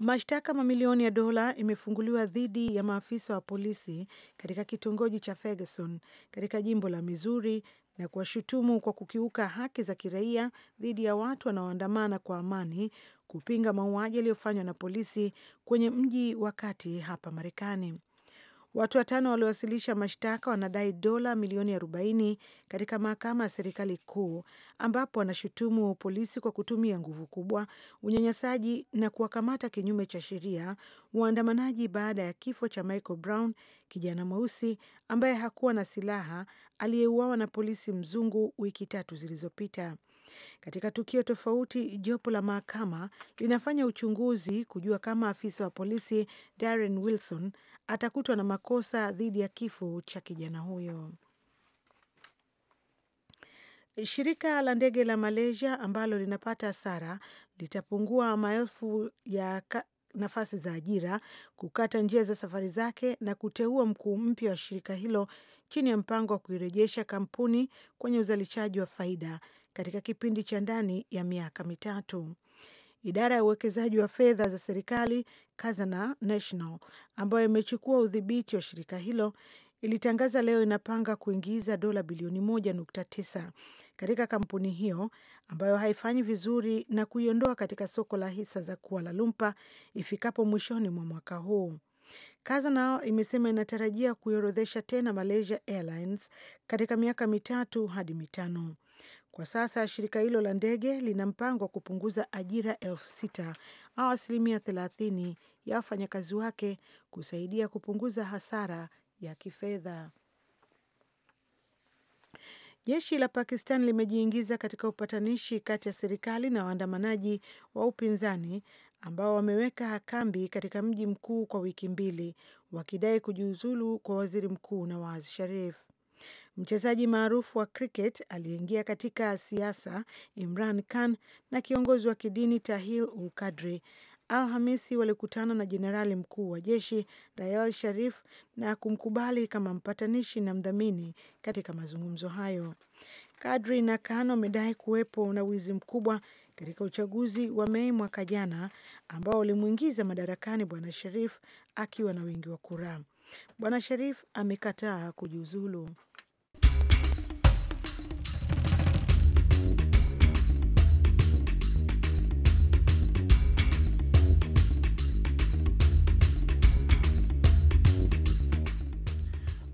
Mashtaka mamilioni ya dola imefunguliwa dhidi ya maafisa wa polisi katika kitongoji cha Ferguson katika jimbo la Mizuri na kuwashutumu kwa kukiuka haki za kiraia dhidi ya watu wanaoandamana kwa amani kupinga mauaji yaliyofanywa na polisi kwenye mji wa kati hapa Marekani. Watu watano waliowasilisha mashtaka wanadai dola milioni 40 katika mahakama ya serikali kuu, ambapo wanashutumu polisi kwa kutumia nguvu kubwa, unyanyasaji na kuwakamata kinyume cha sheria waandamanaji baada ya kifo cha Michael Brown, kijana mweusi ambaye hakuwa na silaha aliyeuawa na polisi mzungu wiki tatu zilizopita. Katika tukio tofauti, jopo la mahakama linafanya uchunguzi kujua kama afisa wa polisi Darren Wilson atakutwa na makosa dhidi ya kifo cha kijana huyo. Shirika la ndege la Malaysia ambalo linapata hasara litapungua maelfu ya nafasi za ajira, kukata njia za safari zake na kuteua mkuu mpya wa shirika hilo chini ya mpango wa kuirejesha kampuni kwenye uzalishaji wa faida katika kipindi cha ndani ya miaka mitatu. Idara ya uwekezaji wa fedha za serikali Kazana National, ambayo imechukua udhibiti wa shirika hilo, ilitangaza leo inapanga kuingiza dola bilioni 1.9 katika kampuni hiyo ambayo haifanyi vizuri na kuiondoa katika soko la hisa za Kuala Lumpur ifikapo mwishoni mwa mwaka huu. Kazana imesema inatarajia kuiorodhesha tena Malaysia Airlines katika miaka mitatu hadi mitano. Kwa sasa shirika hilo la ndege lina mpango wa kupunguza ajira elfu sita au asilimia thelathini ya wafanyakazi wake kusaidia kupunguza hasara ya kifedha. Jeshi la Pakistan limejiingiza katika upatanishi kati ya serikali na waandamanaji wa upinzani ambao wameweka kambi katika mji mkuu kwa wiki mbili wakidai kujiuzulu kwa waziri mkuu Nawaz Sharif. Mchezaji maarufu wa cricket aliyeingia katika siasa Imran Khan na kiongozi wa kidini tahil ul Kadri Alhamisi walikutana na jenerali mkuu wa jeshi Rayal Sharif na kumkubali kama mpatanishi na mdhamini katika mazungumzo hayo. Kadri na Khan wamedai kuwepo na wizi mkubwa katika uchaguzi wa Mei mwaka jana ambao ulimwingiza madarakani bwana Sharif akiwa na wingi wa kura. Bwana Sharif amekataa kujiuzulu.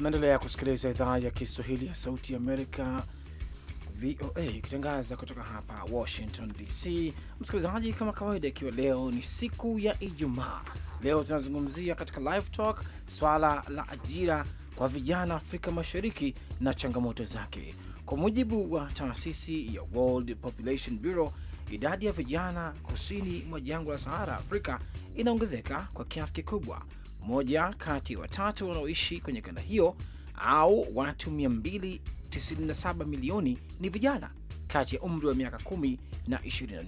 Naendelea kusikiliza idhaa ya Kiswahili ya Sauti Amerika, VOA, ikitangaza kutoka hapa Washington DC. Msikilizaji, kama kawaida, ikiwa leo ni siku ya Ijumaa, leo tunazungumzia katika Live Talk swala la ajira kwa vijana Afrika Mashariki na changamoto zake. Kwa mujibu wa taasisi ya World Population Bureau, idadi ya vijana kusini mwa jangwa la Sahara Afrika inaongezeka kwa kiasi kikubwa moja kati ya watatu wanaoishi kwenye kanda hiyo au watu 297 milioni ni vijana kati ya umri wa miaka 1 na 24,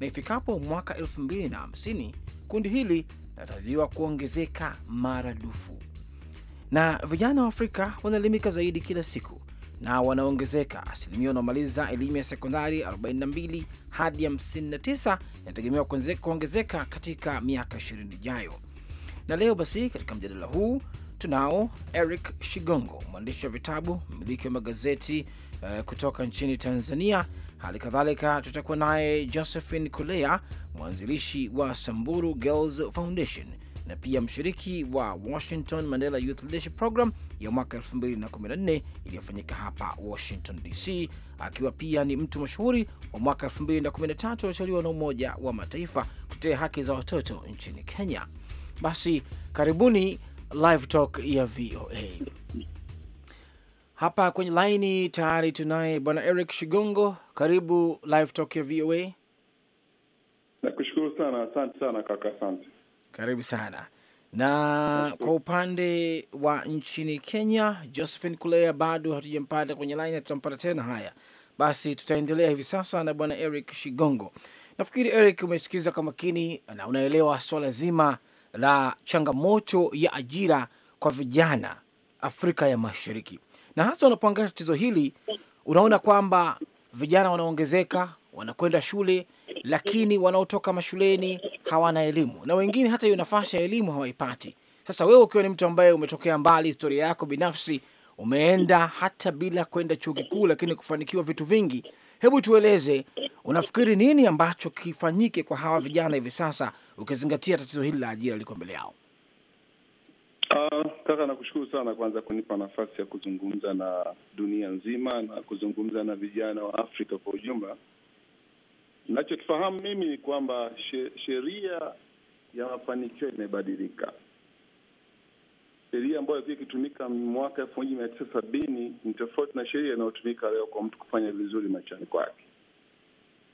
na ifikapo mwaka 250 kundi hili linatarajiwa kuongezeka mara dufu Na vijana wa Afrika wanaelimika zaidi kila siku na wanaongezeka. Asilimia wanaomaliza elimu ya sekondari 42 hadi 59 inategemewa kuongezeka katika miaka 20 ijayo. Na leo basi katika mjadala huu tunao Eric Shigongo, mwandishi wa vitabu, mmiliki wa magazeti uh, kutoka nchini Tanzania. Hali kadhalika tutakuwa naye josephin Kulea, mwanzilishi wa Samburu Girls Foundation na pia mshiriki wa Washington Mandela Youth Leadership Program ya mwaka 214 iliyofanyika hapa Washington DC, akiwa pia ni mtu mashuhuri wa mwaka 213 alichaliwa na Umoja wa Mataifa kutetea haki za watoto nchini Kenya. Basi karibuni Live Talk ya VOA. Hapa kwenye laini tayari tunaye bwana Eric Shigongo, karibu Live Talk ya VOA. Nakushukuru sana, asante sana kaka, asante. Karibu sana na kwa upande wa nchini Kenya, Josephine Kulea bado hatujampata kwenye laini, tutampata tena. Haya basi, tutaendelea hivi sasa na bwana Eric Shigongo. Nafikiri Eric umesikiza kwa makini na unaelewa swala zima la changamoto ya ajira kwa vijana Afrika ya Mashariki, na hasa unapoangalia tatizo hili unaona kwamba vijana wanaongezeka, wanakwenda shule, lakini wanaotoka mashuleni hawana elimu, na wengine hata hiyo nafasi ya elimu hawaipati. Sasa wewe ukiwa ni mtu ambaye umetokea mbali, historia yako binafsi, umeenda hata bila kwenda chuo kikuu, lakini kufanikiwa vitu vingi, Hebu tueleze, unafikiri nini ambacho kifanyike kwa hawa vijana hivi sasa, ukizingatia tatizo hili la ajira liko mbele yao? Uh, kaka nakushukuru sana kwanza kunipa nafasi ya kuzungumza na dunia nzima na kuzungumza na vijana wa Afrika kwa ujumla. Nachokifahamu mimi ni kwamba sheria ya mafanikio imebadilika sheria ambayo ilikuwa ikitumika mwaka elfu moja mia tisa sabini ni tofauti na sheria inayotumika leo kwa mtu kufanya vizuri maishani kwake.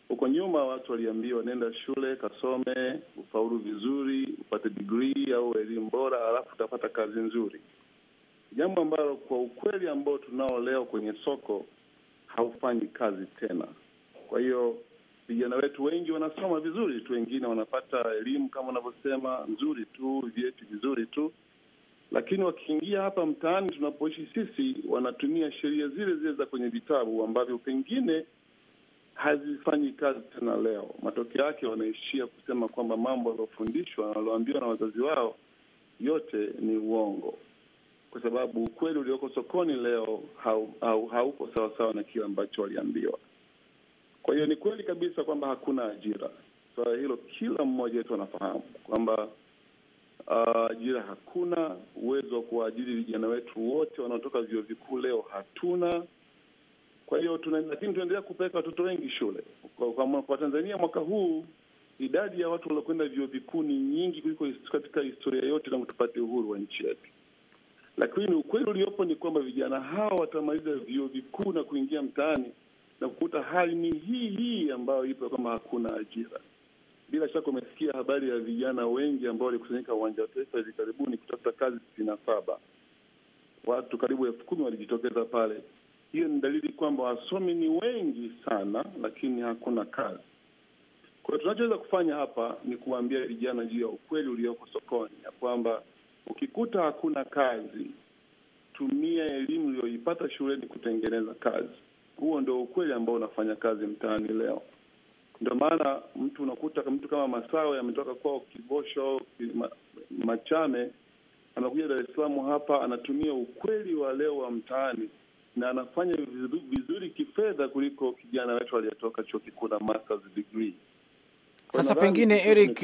Huko nyuma watu waliambiwa, nenda shule kasome, ufaulu vizuri, upate digrii au elimu bora, halafu utapata kazi nzuri, jambo ambalo kwa ukweli ambao tunao leo kwenye soko haufanyi kazi tena. Kwa hiyo vijana wetu wengi wanasoma vizuri tu, wengine wanapata elimu kama unavyosema nzuri tu, vyeti vizuri tu lakini wakiingia hapa mtaani tunapoishi sisi, wanatumia sheria zile zile za kwenye vitabu ambavyo pengine hazifanyi kazi tena leo. Matokeo yake wanaishia kusema kwamba mambo waliofundishwa, walioambiwa na wazazi wao, yote ni uongo, kwa sababu ukweli ulioko sokoni leo hau, hau, hauko sawasawa na kile ambacho waliambiwa. Kwa hiyo ni kweli kabisa kwamba hakuna ajira. Swala so, hilo kila mmoja wetu anafahamu kwamba Ah, ajira uh, hakuna uwezo wa kuwaajiri vijana wetu wote wanaotoka vyuo vikuu leo hatuna. Kwa hiyo tuna, lakini tunaendelea kupeleka watoto wengi shule kwa, kwa, kwa Tanzania mwaka huu idadi ya watu waliokwenda vyuo vikuu ni nyingi kuliko katika historia yote tangu tupate uhuru wa nchi yetu. Lakini ukweli uliopo ni kwamba vijana hawa watamaliza vyuo vikuu na kuingia mtaani na kukuta hali ni hii hii ambayo ipo, kama hakuna ajira. Bila shaka umesikia habari ya vijana wengi ambao walikusanyika uwanja wa Taifa hivi karibuni kutafuta kazi sitini na saba. Watu karibu elfu kumi walijitokeza pale. Hiyo ni dalili kwamba wasomi ni wengi sana, lakini hakuna kazi. Kwa hiyo tunachoweza kufanya hapa ni kuwaambia vijana juu ya ukweli ulioko sokoni, ya kwamba ukikuta hakuna kazi, tumia elimu uliyoipata shuleni kutengeneza kazi. Huo ndio ukweli ambao unafanya kazi mtaani leo. Ndio maana mtu unakuta mtu kama Masawe ametoka kwao Kibosho Machame, anakuja Dar es Salaam hapa, anatumia ukweli wa leo wa mtaani na anafanya vizuri, vizuri kifedha kuliko kijana wetu aliyetoka chuo kikuu na masters degree. sasa pengine Eric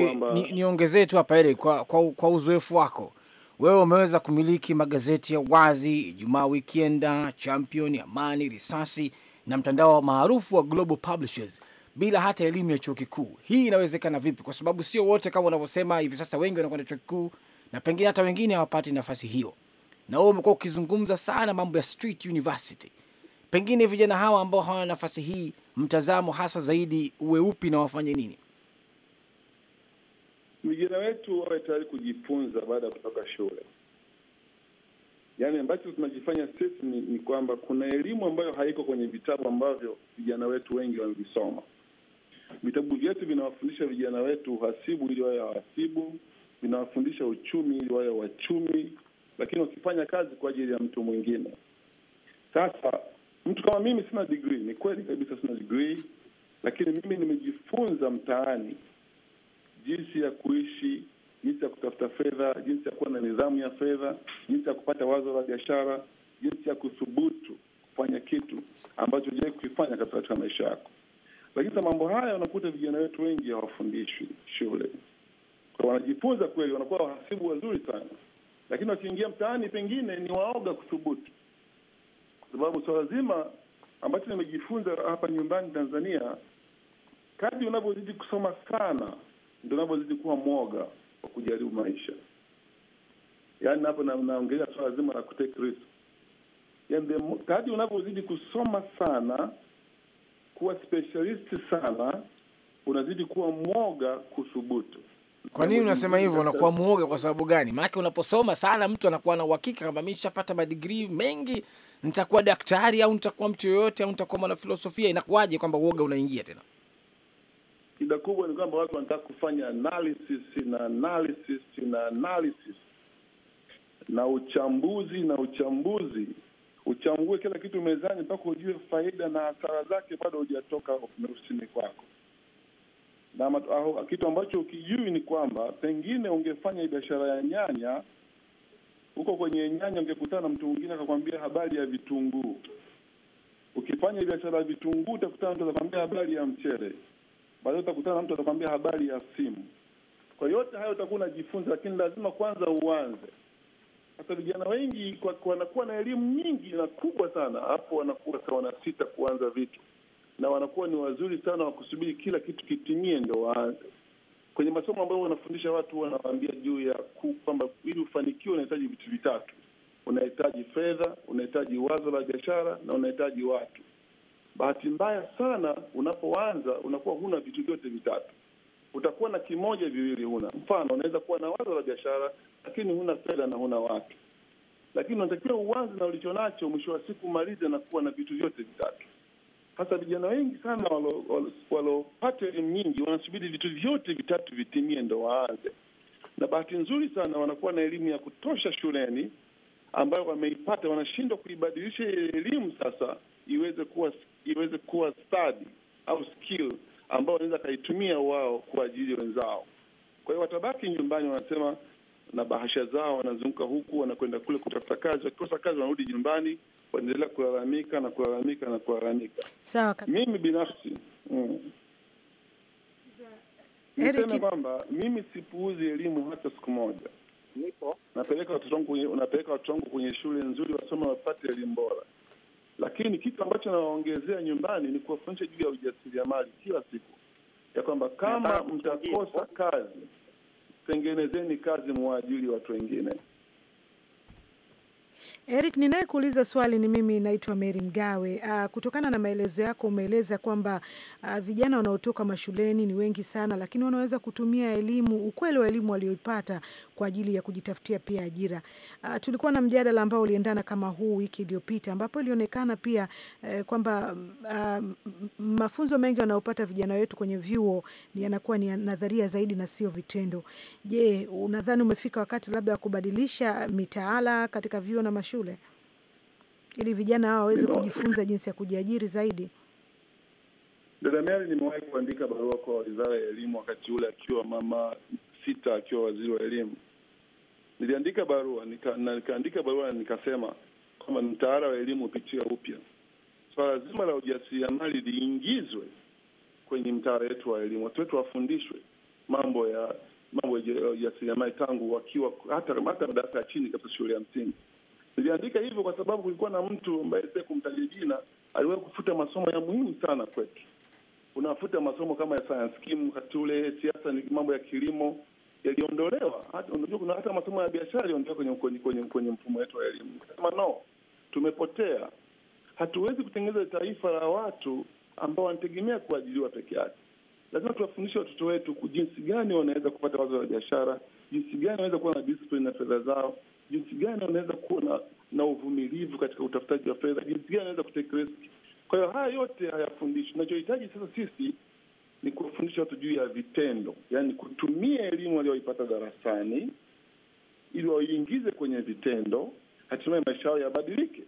niongezee ni tu hapa Eric, kwa, kwa, kwa uzoefu wako wewe umeweza kumiliki magazeti ya Wazi, Ijumaa Wikienda, Champion, Amani, Risasi na mtandao maarufu wa Global Publishers bila hata elimu ya chuo kikuu. Hii inawezekana vipi? Kwa sababu sio wote kama unavyosema hivi sasa, wengi wanakwenda chuo kikuu na pengine hata wengine hawapati nafasi hiyo, na wewe umekuwa ukizungumza sana mambo ya street university. Pengine vijana hawa ambao hawana nafasi hii, mtazamo hasa zaidi uwe upi na wafanye nini? Vijana wetu wawe tayari kujifunza baada ya kutoka shule. Yaani ambacho tunajifanya sisi ni, ni kwamba kuna elimu ambayo haiko kwenye vitabu ambavyo vijana wetu wengi wamevisoma. Vitabu vyetu vinawafundisha vijana wetu uhasibu ili wawe wahasibu, vinawafundisha uchumi ili wawe wachumi, lakini wakifanya kazi kwa ajili ya mtu mwingine. Sasa mtu kama mimi sina degree, ni kweli kabisa sina degree, lakini mimi nimejifunza mtaani jinsi ya kuishi, jinsi ya kutafuta fedha, jinsi ya kuwa na nidhamu ya fedha, jinsi ya kupata wazo la biashara, jinsi ya kuthubutu kufanya kitu ambacho hujawahi kukifanya katika maisha yako. Lakini mambo haya unakuta vijana wetu wengi hawafundishwi shule, wanajifunza kweli, wanakuwa wahasibu wazuri sana, lakini wakiingia mtaani pengine ni waoga kuthubutu, kwa sababu swala zima ambacho nimejifunza hapa nyumbani Tanzania, kadri unavyozidi kusoma sana ndo unavyozidi kuwa mwoga wa kujaribu maisha. Yani hapo naongelea swala zima la kutake risk. Yaani kadri unavyozidi kusoma sana kuwa specialisti sana, unazidi kuwa mwoga kuthubutu. Kwa nini unasema hivyo? Unakuwa mwoga kwa sababu gani? Maanake unaposoma sana, mtu anakuwa na uhakika kwamba mi nishapata madigrii mengi, nitakuwa daktari au nitakuwa mtu yoyote au nitakuwa mwanafilosofia. Inakuwaje kwamba uoga unaingia tena? Shida kubwa ni kwamba watu wanataka kufanya analysis na analysis na analysis na uchambuzi na uchambuzi uchambue kila kitu mezani mpaka ujue faida na hasara zake, bado hujatoka ofisini kwako. Na ah, kitu ambacho ukijui ni kwamba pengine ungefanya biashara ya nyanya huko kwenye nyanya, ungekutana na mtu mwingine akakwambia habari ya vitunguu. Ukifanya biashara ya vitunguu, utakutana na mtu atakwambia habari ya mchele, baadaye utakutana na mtu atakwambia habari ya simu. Kwa yote hayo utakuwa unajifunza, lakini lazima kwanza uanze hata vijana wengi wanakuwa na elimu nyingi na kubwa sana, hapo wanakuwa wanasita kuanza vitu na wanakuwa ni wazuri sana wa kusubiri kila kitu kitimie ndo waanze. Kwenye masomo ambayo wanafundisha watu, wanawaambia juu ya kwamba ili ufanikiwe unahitaji vitu vitatu: unahitaji fedha, unahitaji wazo la biashara na unahitaji watu. Bahati mbaya sana, unapoanza unakuwa huna vitu vyote vitatu. Utakuwa na kimoja, viwili huna. Mfano, unaweza kuwa na wazo la biashara lakini huna fedha na huna watu. Lakini unatakiwa uanze na ulicho nacho, mwisho wa siku maliza na kuwa na vitu vyote vitatu. Hasa vijana wengi sana waliopata elimu nyingi wanasubiri vitu vyote vitatu vitimie ndo waanze, na bahati nzuri sana wanakuwa na elimu ya kutosha shuleni ambayo wameipata, wanashindwa kuibadilisha ile elimu sasa iweze kuwa iweze kuwa stadi au skill ambayo wanaweza akaitumia wao kwa ajili wenzao. Kwa hiyo watabaki nyumbani, wanasema na bahasha zao, wanazunguka huku wanakwenda kule kutafuta kazi. Wakikosa kazi, wanarudi nyumbani, wanaendelea kulalamika na kulalamika na kulalamika. Sawa Mimi binafsi mm, niseme kwamba mimi sipuuzi elimu hata siku moja. Nipo napeleka watoto wangu, napeleka watoto wangu kwenye shule nzuri, wasome, wapate elimu bora, lakini kitu ambacho nawaongezea nyumbani ni kuwafundisha juu ya ujasiriamali kila siku, ya kwamba kama mtakosa kazi tengenezeni kazi, mwaajiri watu wengine. Eric, ninayekuuliza swali ni mimi, naitwa Mary Mgawe. Uh, kutokana na maelezo yako umeeleza kwamba uh, vijana wanaotoka mashuleni ni wengi sana, lakini wanaweza kutumia elimu, ukweli wa elimu walioipata kwa ajili ya kujitafutia pia ajira. Uh, tulikuwa na mjadala ambao uliendana kama huu wiki iliyopita, ambapo ilionekana pia eh, kwamba uh, mafunzo mengi wanayopata vijana wetu kwenye vyuo ni yanakuwa ni nadharia zaidi na sio vitendo. Je, unadhani umefika wakati labda wa kubadilisha mitaala katika vyuo na mashule ili vijana hao waweze kujifunza jinsi ya kujiajiri zaidi. Dada Mary, nimewahi kuandika barua kwa Wizara ya Elimu wakati ule akiwa Mama Sita akiwa waziri wa elimu. Niliandika barua nika, na nikaandika barua na nikasema kwamba mtaala wa elimu hupitia upya, swala so, zima la ujasiriamali liingizwe kwenye mtaala wetu wa elimu, watu wetu wafundishwe mambo ya mambo ya ujasiriamali tangu wakiwa hata hata madarasa ya chini kabisa, shule ya msingi. Niliandika hivyo kwa sababu kulikuwa na mtu ambaye kumtaja jina aliwahi kufuta masomo ya muhimu sana kwetu. Unafuta masomo kama ya science kimu, wakati ule siasa ni mambo ya kilimo yaliondolewa. Hata unajua kuna hata masomo ya biashara yaliondolewa kwenye, kwenye, kwenye, kwenye mfumo wetu wa elimu. Kasema no, tumepotea. Hatuwezi kutengeneza taifa la watu ambao wanategemea kuajiriwa peke yake. Lazima tuwafundishe watoto wetu jinsi gani wanaweza kupata wazo la biashara, jinsi gani wanaweza kuwa na discipline na fedha zao, jinsi gani wanaweza kuwa na, na uvumilivu katika utafutaji wa fedha, jinsi gani kutake kutekeleza. Kwa hiyo haya yote hayafundishwi Nachohitaji sasa sisi ni kuwafundisha watu juu ya vitendo, yani kutumia elimu walioipata darasani ili waiingize kwenye vitendo, hatimaye maisha yao yabadilike.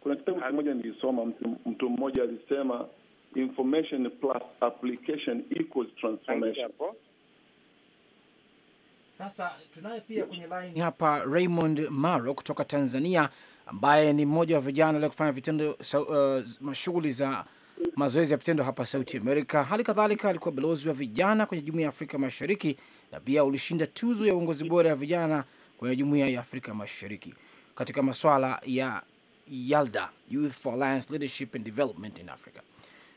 Kuna kitabu kimoja nilisoma, mtu, mtu mmoja alisema information plus application equals transformation. Sasa tunaye pia mm. kwenye line hapa Raymond Maro kutoka Tanzania, ambaye ni mmoja wa vijana kufanya vitendo uh, shughuli za mazoezi ya vitendo hapa Sauti Amerika. Hali kadhalika alikuwa balozi wa vijana kwenye Jumuiya ya Afrika Mashariki, na pia ulishinda tuzo ya uongozi bora ya vijana kwenye Jumuiya ya Afrika Mashariki katika maswala ya YALDA, Youth for Alliance Leadership and Development in Africa.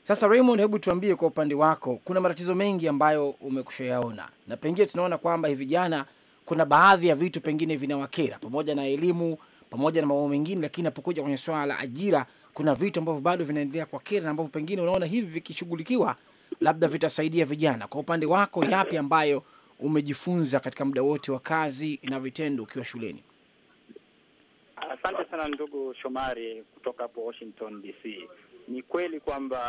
Sasa Raymond, hebu tuambie kwa upande wako, kuna matatizo mengi ambayo umekushayaona, na pengine tunaona kwamba hivi jana kuna baadhi ya vitu pengine vinawakera, pamoja na elimu, pamoja na mambo mengine, lakini napokuja kwenye swala la ajira, kuna vitu ambavyo bado vinaendelea kwa kera, ambavyo pengine unaona hivi vikishughulikiwa, labda vitasaidia vijana. Kwa upande wako, yapi ambayo umejifunza katika muda wote wa kazi na vitendo ukiwa shuleni? Asante sana ndugu Shomari kutoka hapo Washington DC. Ni kweli kwamba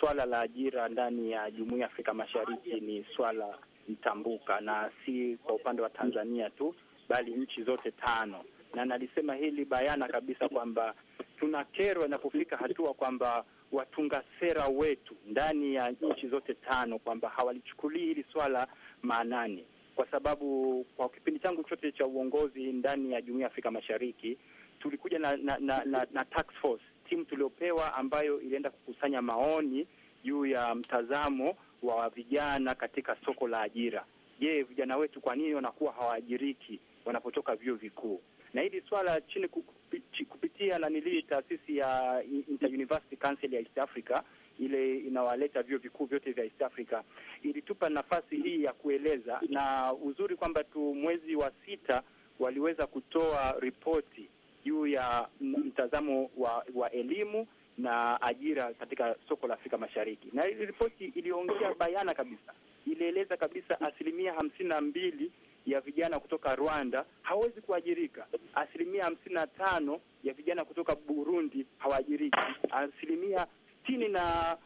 swala la ajira ndani ya Jumuiya ya Afrika Mashariki ni swala mtambuka na si kwa upande wa Tanzania tu, bali nchi zote tano, na nalisema hili bayana kabisa kwamba tunakerwa inapofika hatua kwamba watunga sera wetu ndani ya nchi zote tano kwamba hawalichukulii hili swala maanani, kwa sababu kwa kipindi changu chote cha uongozi ndani ya Jumuiya ya Afrika Mashariki tulikuja na, na, na, na, na task force timu tuliopewa ambayo ilienda kukusanya maoni juu ya mtazamo wa vijana katika soko la ajira. Je, vijana wetu kwa nini wanakuwa hawaajiriki wanapotoka vyuo vikuu? Na hili swala chini kupitia nanilii taasisi ya Inter-University Council ya East Africa ile inawaleta vyuo vikuu vyote vya East Africa ilitupa nafasi hii ya kueleza, na uzuri kwamba tu mwezi wa sita waliweza kutoa ripoti juu ya mtazamo wa, wa elimu na ajira katika soko la Afrika Mashariki, na hii ripoti iliongea bayana kabisa, ilieleza kabisa asilimia hamsini na mbili ya vijana kutoka Rwanda hawezi kuajirika. Asilimia hamsini na tano ya vijana kutoka Burundi hawaajiriki. Asilimia sitini na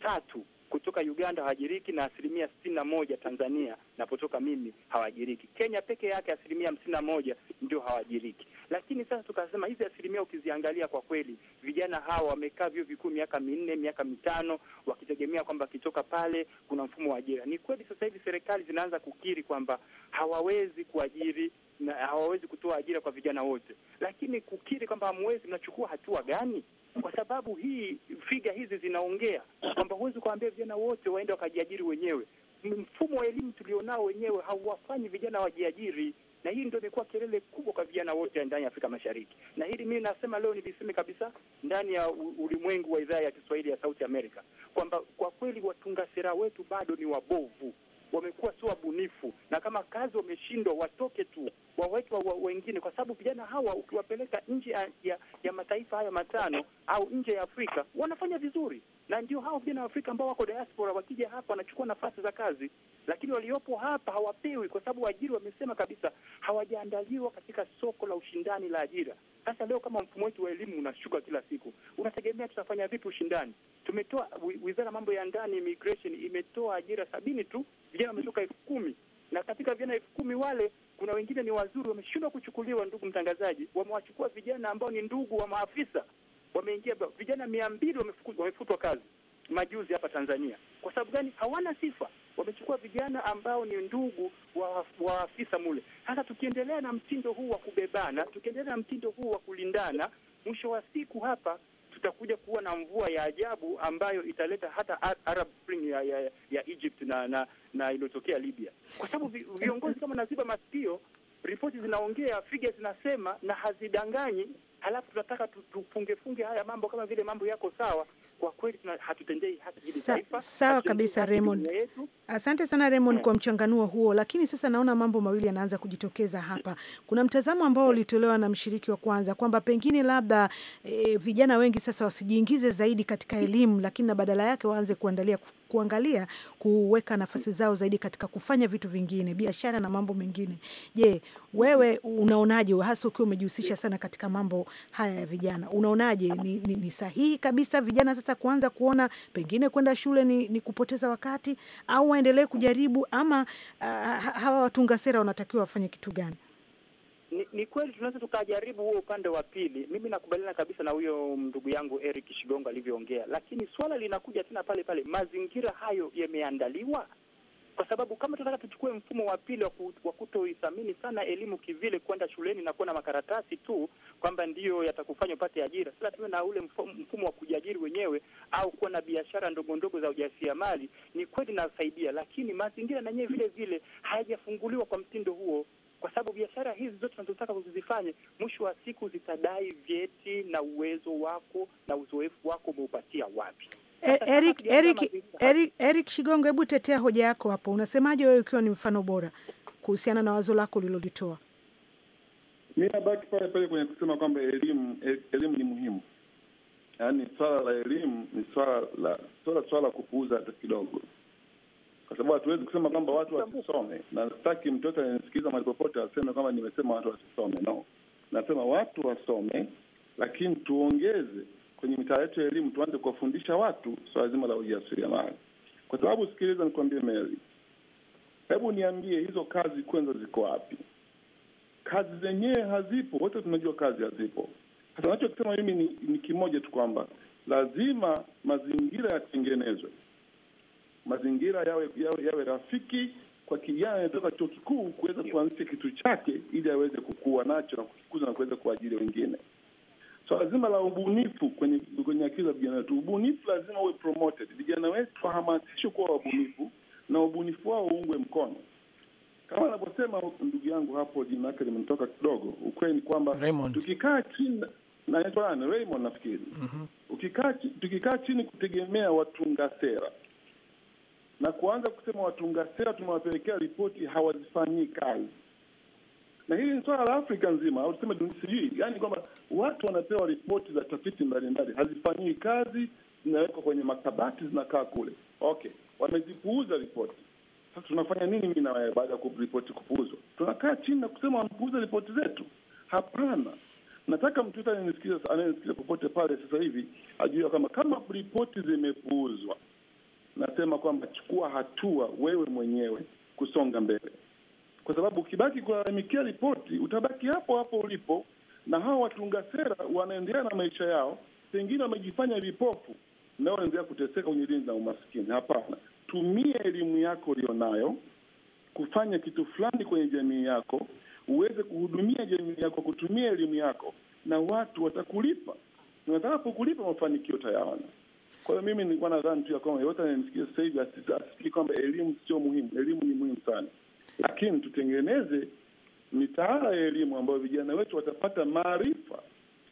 tatu kutoka Uganda hawajiriki na asilimia sitini na moja Tanzania napotoka mimi hawajiriki. Kenya peke yake asilimia hamsini na moja ndio hawajiriki. Lakini sasa tukasema hizi asilimia ukiziangalia, kwa kweli vijana hawa wamekaa vyuo vikuu miaka minne, miaka mitano, wakitegemea kwamba wakitoka pale kuna mfumo wa ajira. Ni kweli sasa hivi serikali zinaanza kukiri kwamba hawawezi kuajiri na hawawezi kutoa ajira kwa vijana wote, lakini kukiri kwamba hamwezi, mnachukua hatua gani? kwa sababu hii figa hizi zinaongea kwamba huwezi kuambia vijana wote waende wakajiajiri wenyewe. Mfumo wa elimu tulionao wenyewe hauwafanyi vijana wajiajiri, na hii ndio imekuwa kelele kubwa kwa vijana wote ndani ya Afrika Mashariki. Na hili mimi nasema leo niliseme kabisa ndani ya ulimwengu wa idhaa ya Kiswahili ya Sauti Amerika kwamba kwa kweli watunga sera wetu bado ni wabovu wamekuwa sio wabunifu, na kama kazi wameshindwa, watoke tu waweke wa wengine, kwa sababu vijana hawa ukiwapeleka nje ya, ya, ya mataifa haya matano au nje ya Afrika wanafanya vizuri, na ndio hao vijana wa Afrika ambao wako diaspora wakija hapa wanachukua nafasi za kazi lakini waliopo hapa hawapewi, kwa sababu waajiri wamesema kabisa hawajaandaliwa katika soko la ushindani la ajira. Sasa leo kama mfumo wetu wa elimu unashuka kila siku, unategemea tutafanya vipi ushindani? Tumetoa wizara mambo ya ndani immigration imetoa ajira sabini tu, vijana wametoka elfu kumi na katika vijana elfu kumi wale kuna wengine ni wazuri wameshindwa kuchukuliwa. Ndugu mtangazaji, wamewachukua vijana ambao ni ndugu wa maafisa, wameingia vijana mia mbili wamefutwa kazi majuzi hapa Tanzania. Kwa sababu gani? Hawana sifa, wamechukua vijana ambao ni ndugu wa waafisa mule. Sasa tukiendelea na mtindo huu wa kubebana, tukiendelea na mtindo huu wa kulindana, mwisho wa siku hapa tutakuja kuwa na mvua ya ajabu ambayo italeta hata Arab Spring ya, ya, ya Egypt na na, na iliyotokea Libya, kwa sababu viongozi kama naziba masikio, ripoti zinaongea, figures zinasema na hazidanganyi halafu tunataka funge haya mambo kama vile mambo yako sawa. Kwa kweli hatutendei haki hili taifa. Sawa kabisa, Raymond, asante sana Raymond eh. kwa mchanganuo huo. Lakini sasa naona mambo mawili yanaanza kujitokeza hapa. Kuna mtazamo ambao eh. ulitolewa na mshiriki wa kwanza kwamba pengine labda e, vijana wengi sasa wasijiingize zaidi katika [laughs] elimu, lakini na badala yake waanze kuandalia kuangalia kuweka nafasi zao zaidi katika kufanya vitu vingine, biashara na mambo mengine. Je, wewe unaonaje, hasa ukiwa umejihusisha sana katika mambo haya ya vijana, unaonaje ni, ni, ni sahihi kabisa vijana sasa kuanza kuona pengine kwenda shule ni, ni kupoteza wakati au waendelee kujaribu ama uh, hawa watunga sera wanatakiwa wafanye kitu gani? Ni, ni kweli tunaweza tukajaribu huo upande wa pili. Mimi nakubaliana kabisa na huyo ndugu yangu Eric Shigongo alivyoongea, lakini swala linakuja tena pale pale, mazingira hayo yameandaliwa kwa sababu kama tunataka tuchukue mfumo wa pili wa kutoithamini sana elimu kivile, kwenda shuleni na kuwa na makaratasi tu kwamba ndiyo yatakufanya upate ajira, sasa tuwe na ule mfumo wa kujiajiri wenyewe au kuwa na biashara ndogo ndogo za ujasiriamali, ni kweli nasaidia, lakini mazingira na yenyewe vile vile hayajafunguliwa kwa mtindo huo kwa sababu biashara hizi zote tunazotaka kuzifanya mwisho wa siku zitadai vyeti na uwezo wako na uzoefu wako umeupatia wapi. E, Eric, Eric, Eric, Eric Shigongo, hebu tetea hoja yako hapo. Unasemaje wewe ukiwa ni mfano bora kuhusiana na wazo lako ulilolitoa? Mi nabaki pale pale kwenye kusema kwamba elimu e, elimu ni muhimu, yaani swala la elimu ni swala la swala swala kupuuza hata kidogo kwa sababu hatuwezi kusema kwamba watu wasisome, na sitaki mtu yote ananisikiliza mahali popote aseme kwamba nimesema watu wasisome. No, nasema watu wasome, lakini tuongeze kwenye mitaa yetu ya elimu, tuanze kuwafundisha watu swala so zima la ujasiriamali, kwa sababu sikiliza, nikuambie Meli, hebu niambie hizo kazi kwanza ziko wapi? Kazi zenyewe hazipo, wote tunajua kazi hazipo. Hasa nachokisema mimi ni, ni kimoja tu kwamba lazima mazingira yatengenezwe mazingira yawe, yawe, yawe rafiki kwa kijana anatoka chuo kikuu kuweza kuanzisha kitu chake ili aweze kukua nacho na kukikuza na kuweza kuajiri wengine. Swala so, zima la ubunifu kwenye kwenye akili za vijana wetu, ubunifu lazima uwe promoted. Vijana wetu wahamasishwe kuwa wabunifu na ubunifu wao uungwe mkono, kama anavyosema ndugu yangu hapo, jina lake limetoka kidogo. Ukweli ni kwamba tukikaa chini na Raymond nafikiri, mm -hmm. ukikaa tukikaa chini kutegemea watunga sera na kuanza kusema watunga sera tumewapelekea ripoti hawazifanyii kazi. Na hili ni swala la Afrika nzima, au tuseme sijui, yaani kwamba watu wanapewa ripoti za tafiti mbalimbali hazifanyii kazi, zinawekwa kwenye makabati, zinakaa kule. Okay, wamezipuuza ripoti. Sasa tunafanya nini? Mi na wewe, baada ya ripoti kupuuzwa, tunakaa chini na kusema wamepuuza ripoti zetu? Hapana. Nataka mtu yote anayenisikiza popote pale sasa hivi ajue kwamba kama ripoti zimepuuzwa nasema kwamba chukua hatua wewe mwenyewe kusonga mbele, kwa sababu ukibaki kulalamikia ripoti utabaki hapo hapo ulipo, na hawa watunga sera wanaendelea na maisha yao, pengine wamejifanya vipofu nao wanaendelea kuteseka kwenye lindi na umaskini. Hapana, tumia elimu yako ulionayo kufanya kitu fulani kwenye jamii yako, uweze kuhudumia jamii yako kutumia elimu yako, na watu watakulipa, na watakapokulipa mafanikio tayaona. Kwa hiyo mimi nilikuwa nadhani tu ya kwamba yeyote anayenisikia sasa hivi asifikiri kwamba elimu sio muhimu. Elimu ni muhimu sana, lakini tutengeneze mitaala ya elimu ambayo vijana wetu watapata maarifa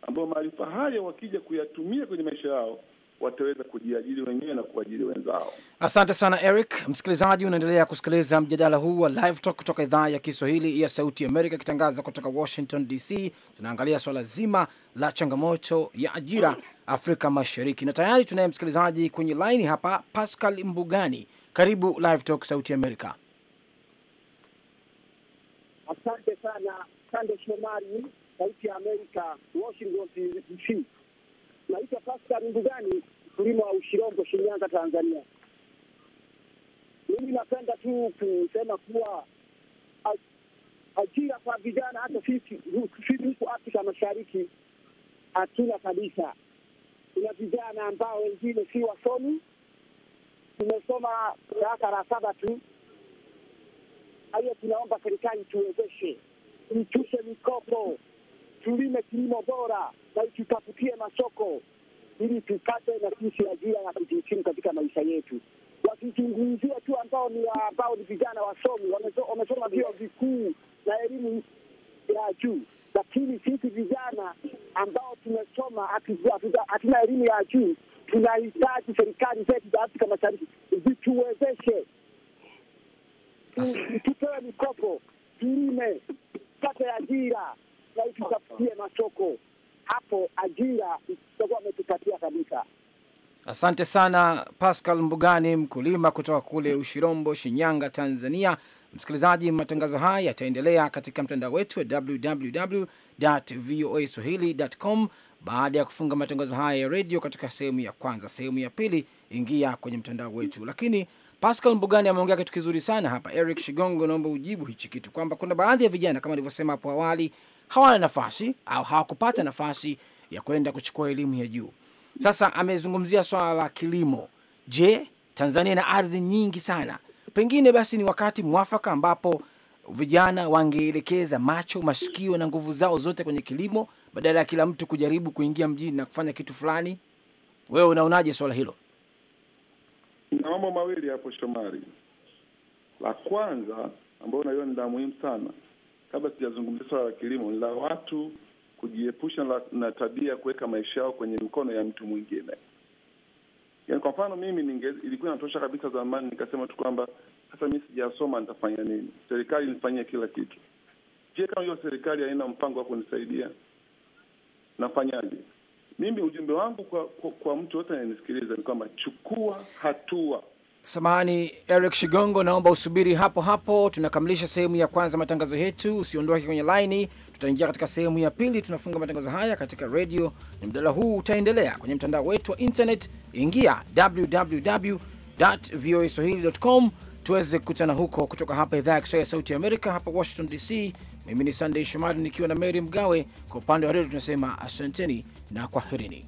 ambayo maarifa haya wakija kuyatumia kwenye maisha yao wataweza kujiajiri wenyewe na kuajiri wenzao. Asante sana Eric. Msikilizaji, unaendelea kusikiliza mjadala huu wa Live Talk kutoka idhaa ya Kiswahili ya Sauti Amerika ikitangaza kutoka Washington DC. Tunaangalia swala zima la changamoto ya ajira Afrika Mashariki. Na tayari tunaye msikilizaji kwenye laini hapa, Pascal Mbugani, karibu Live Talk Sauti Amerika. Asante sana Sande Shomari, Sauti ya Amerika, Washington DC. Naitwa Pascal Mbugani, mkulima wa Ushirombo, Shinyanga, Tanzania. Mimi napenda tu kusema kuwa ajira kwa vijana, hata sisi huku Afrika Mashariki hatuna kabisa kuna vijana ambao wengine si wasomi, tumesoma darasa la saba tu. Kwa hiyo tunaomba serikali tuwezeshe, itushe mikopo, tulime kilimo bora na itutafutie masoko ili tupate na sisi ajira na kujikimu katika maisha yetu. Wakizungumzia tu ambao ni ambao ni vijana wasomi, wamesoma vyuo vikuu na elimu ya juu. lakini sisi vijana ambao tumesoma hatuna elimu ya juu, tunahitaji serikali zetu za Afrika Mashariki zituwezeshe, tupewe mikopo, tulime, tupate ajira na tutafutie masoko. Hapo ajira tutakuwa ametupatia kabisa. Asante sana Pascal Mbugani, mkulima kutoka kule Ushirombo, Shinyanga, Tanzania. Msikilizaji, matangazo haya yataendelea katika mtandao wetu wa www voa swahili.com. Baada ya kufunga matangazo haya ya redio katika sehemu ya kwanza, sehemu ya pili, ingia kwenye mtandao wetu. Lakini Pascal Mbugani ameongea kitu kizuri sana hapa. Eric Shigongo, naomba ujibu hichi kitu kwamba kuna baadhi ya vijana kama alivyosema hapo awali hawana nafasi au hawakupata nafasi ya kwenda kuchukua elimu ya juu. Sasa amezungumzia swala la kilimo. Je, Tanzania ina ardhi nyingi sana pengine basi ni wakati mwafaka ambapo vijana wangeelekeza macho, masikio na nguvu zao zote kwenye kilimo badala ya kila mtu kujaribu kuingia mjini na kufanya kitu fulani. Wewe unaonaje swala hilo? na mambo mawili hapo Shomari. La kwanza ambayo naliona ni la muhimu sana, kabla sijazungumzia swala la kilimo, ni la watu kujiepusha na tabia ya kuweka maisha yao kwenye mikono ya mtu mwingine. Yani kwa mfano mimi ninge, ilikuwa inatosha kabisa zamani nikasema tu kwamba sasa mi sijasoma nitafanya nini? Serikali nifanyia kila kitu. Je, kama hiyo serikali haina mpango wa kunisaidia nafanyaje? Mimi ujumbe wangu kwa, kwa, kwa mtu yote anayenisikiliza ni kwamba chukua hatua. Samahani Eric Shigongo, naomba usubiri hapo hapo, tunakamilisha sehemu ya kwanza matangazo yetu, usiondoke kwenye laini. Tutaingia katika sehemu ya pili, tunafunga matangazo haya katika redio, na mjadala huu utaendelea kwenye mtandao wetu wa internet. Ingia www voa swahili.com tuweze kukutana huko. Kutoka hapa idhaa ya Kiswahili ya Sauti ya Amerika, hapa Washington DC, mimi ni Sandey Shomari nikiwa na Mary Mgawe. Kwa upande wa redio tunasema asanteni na kwaherini.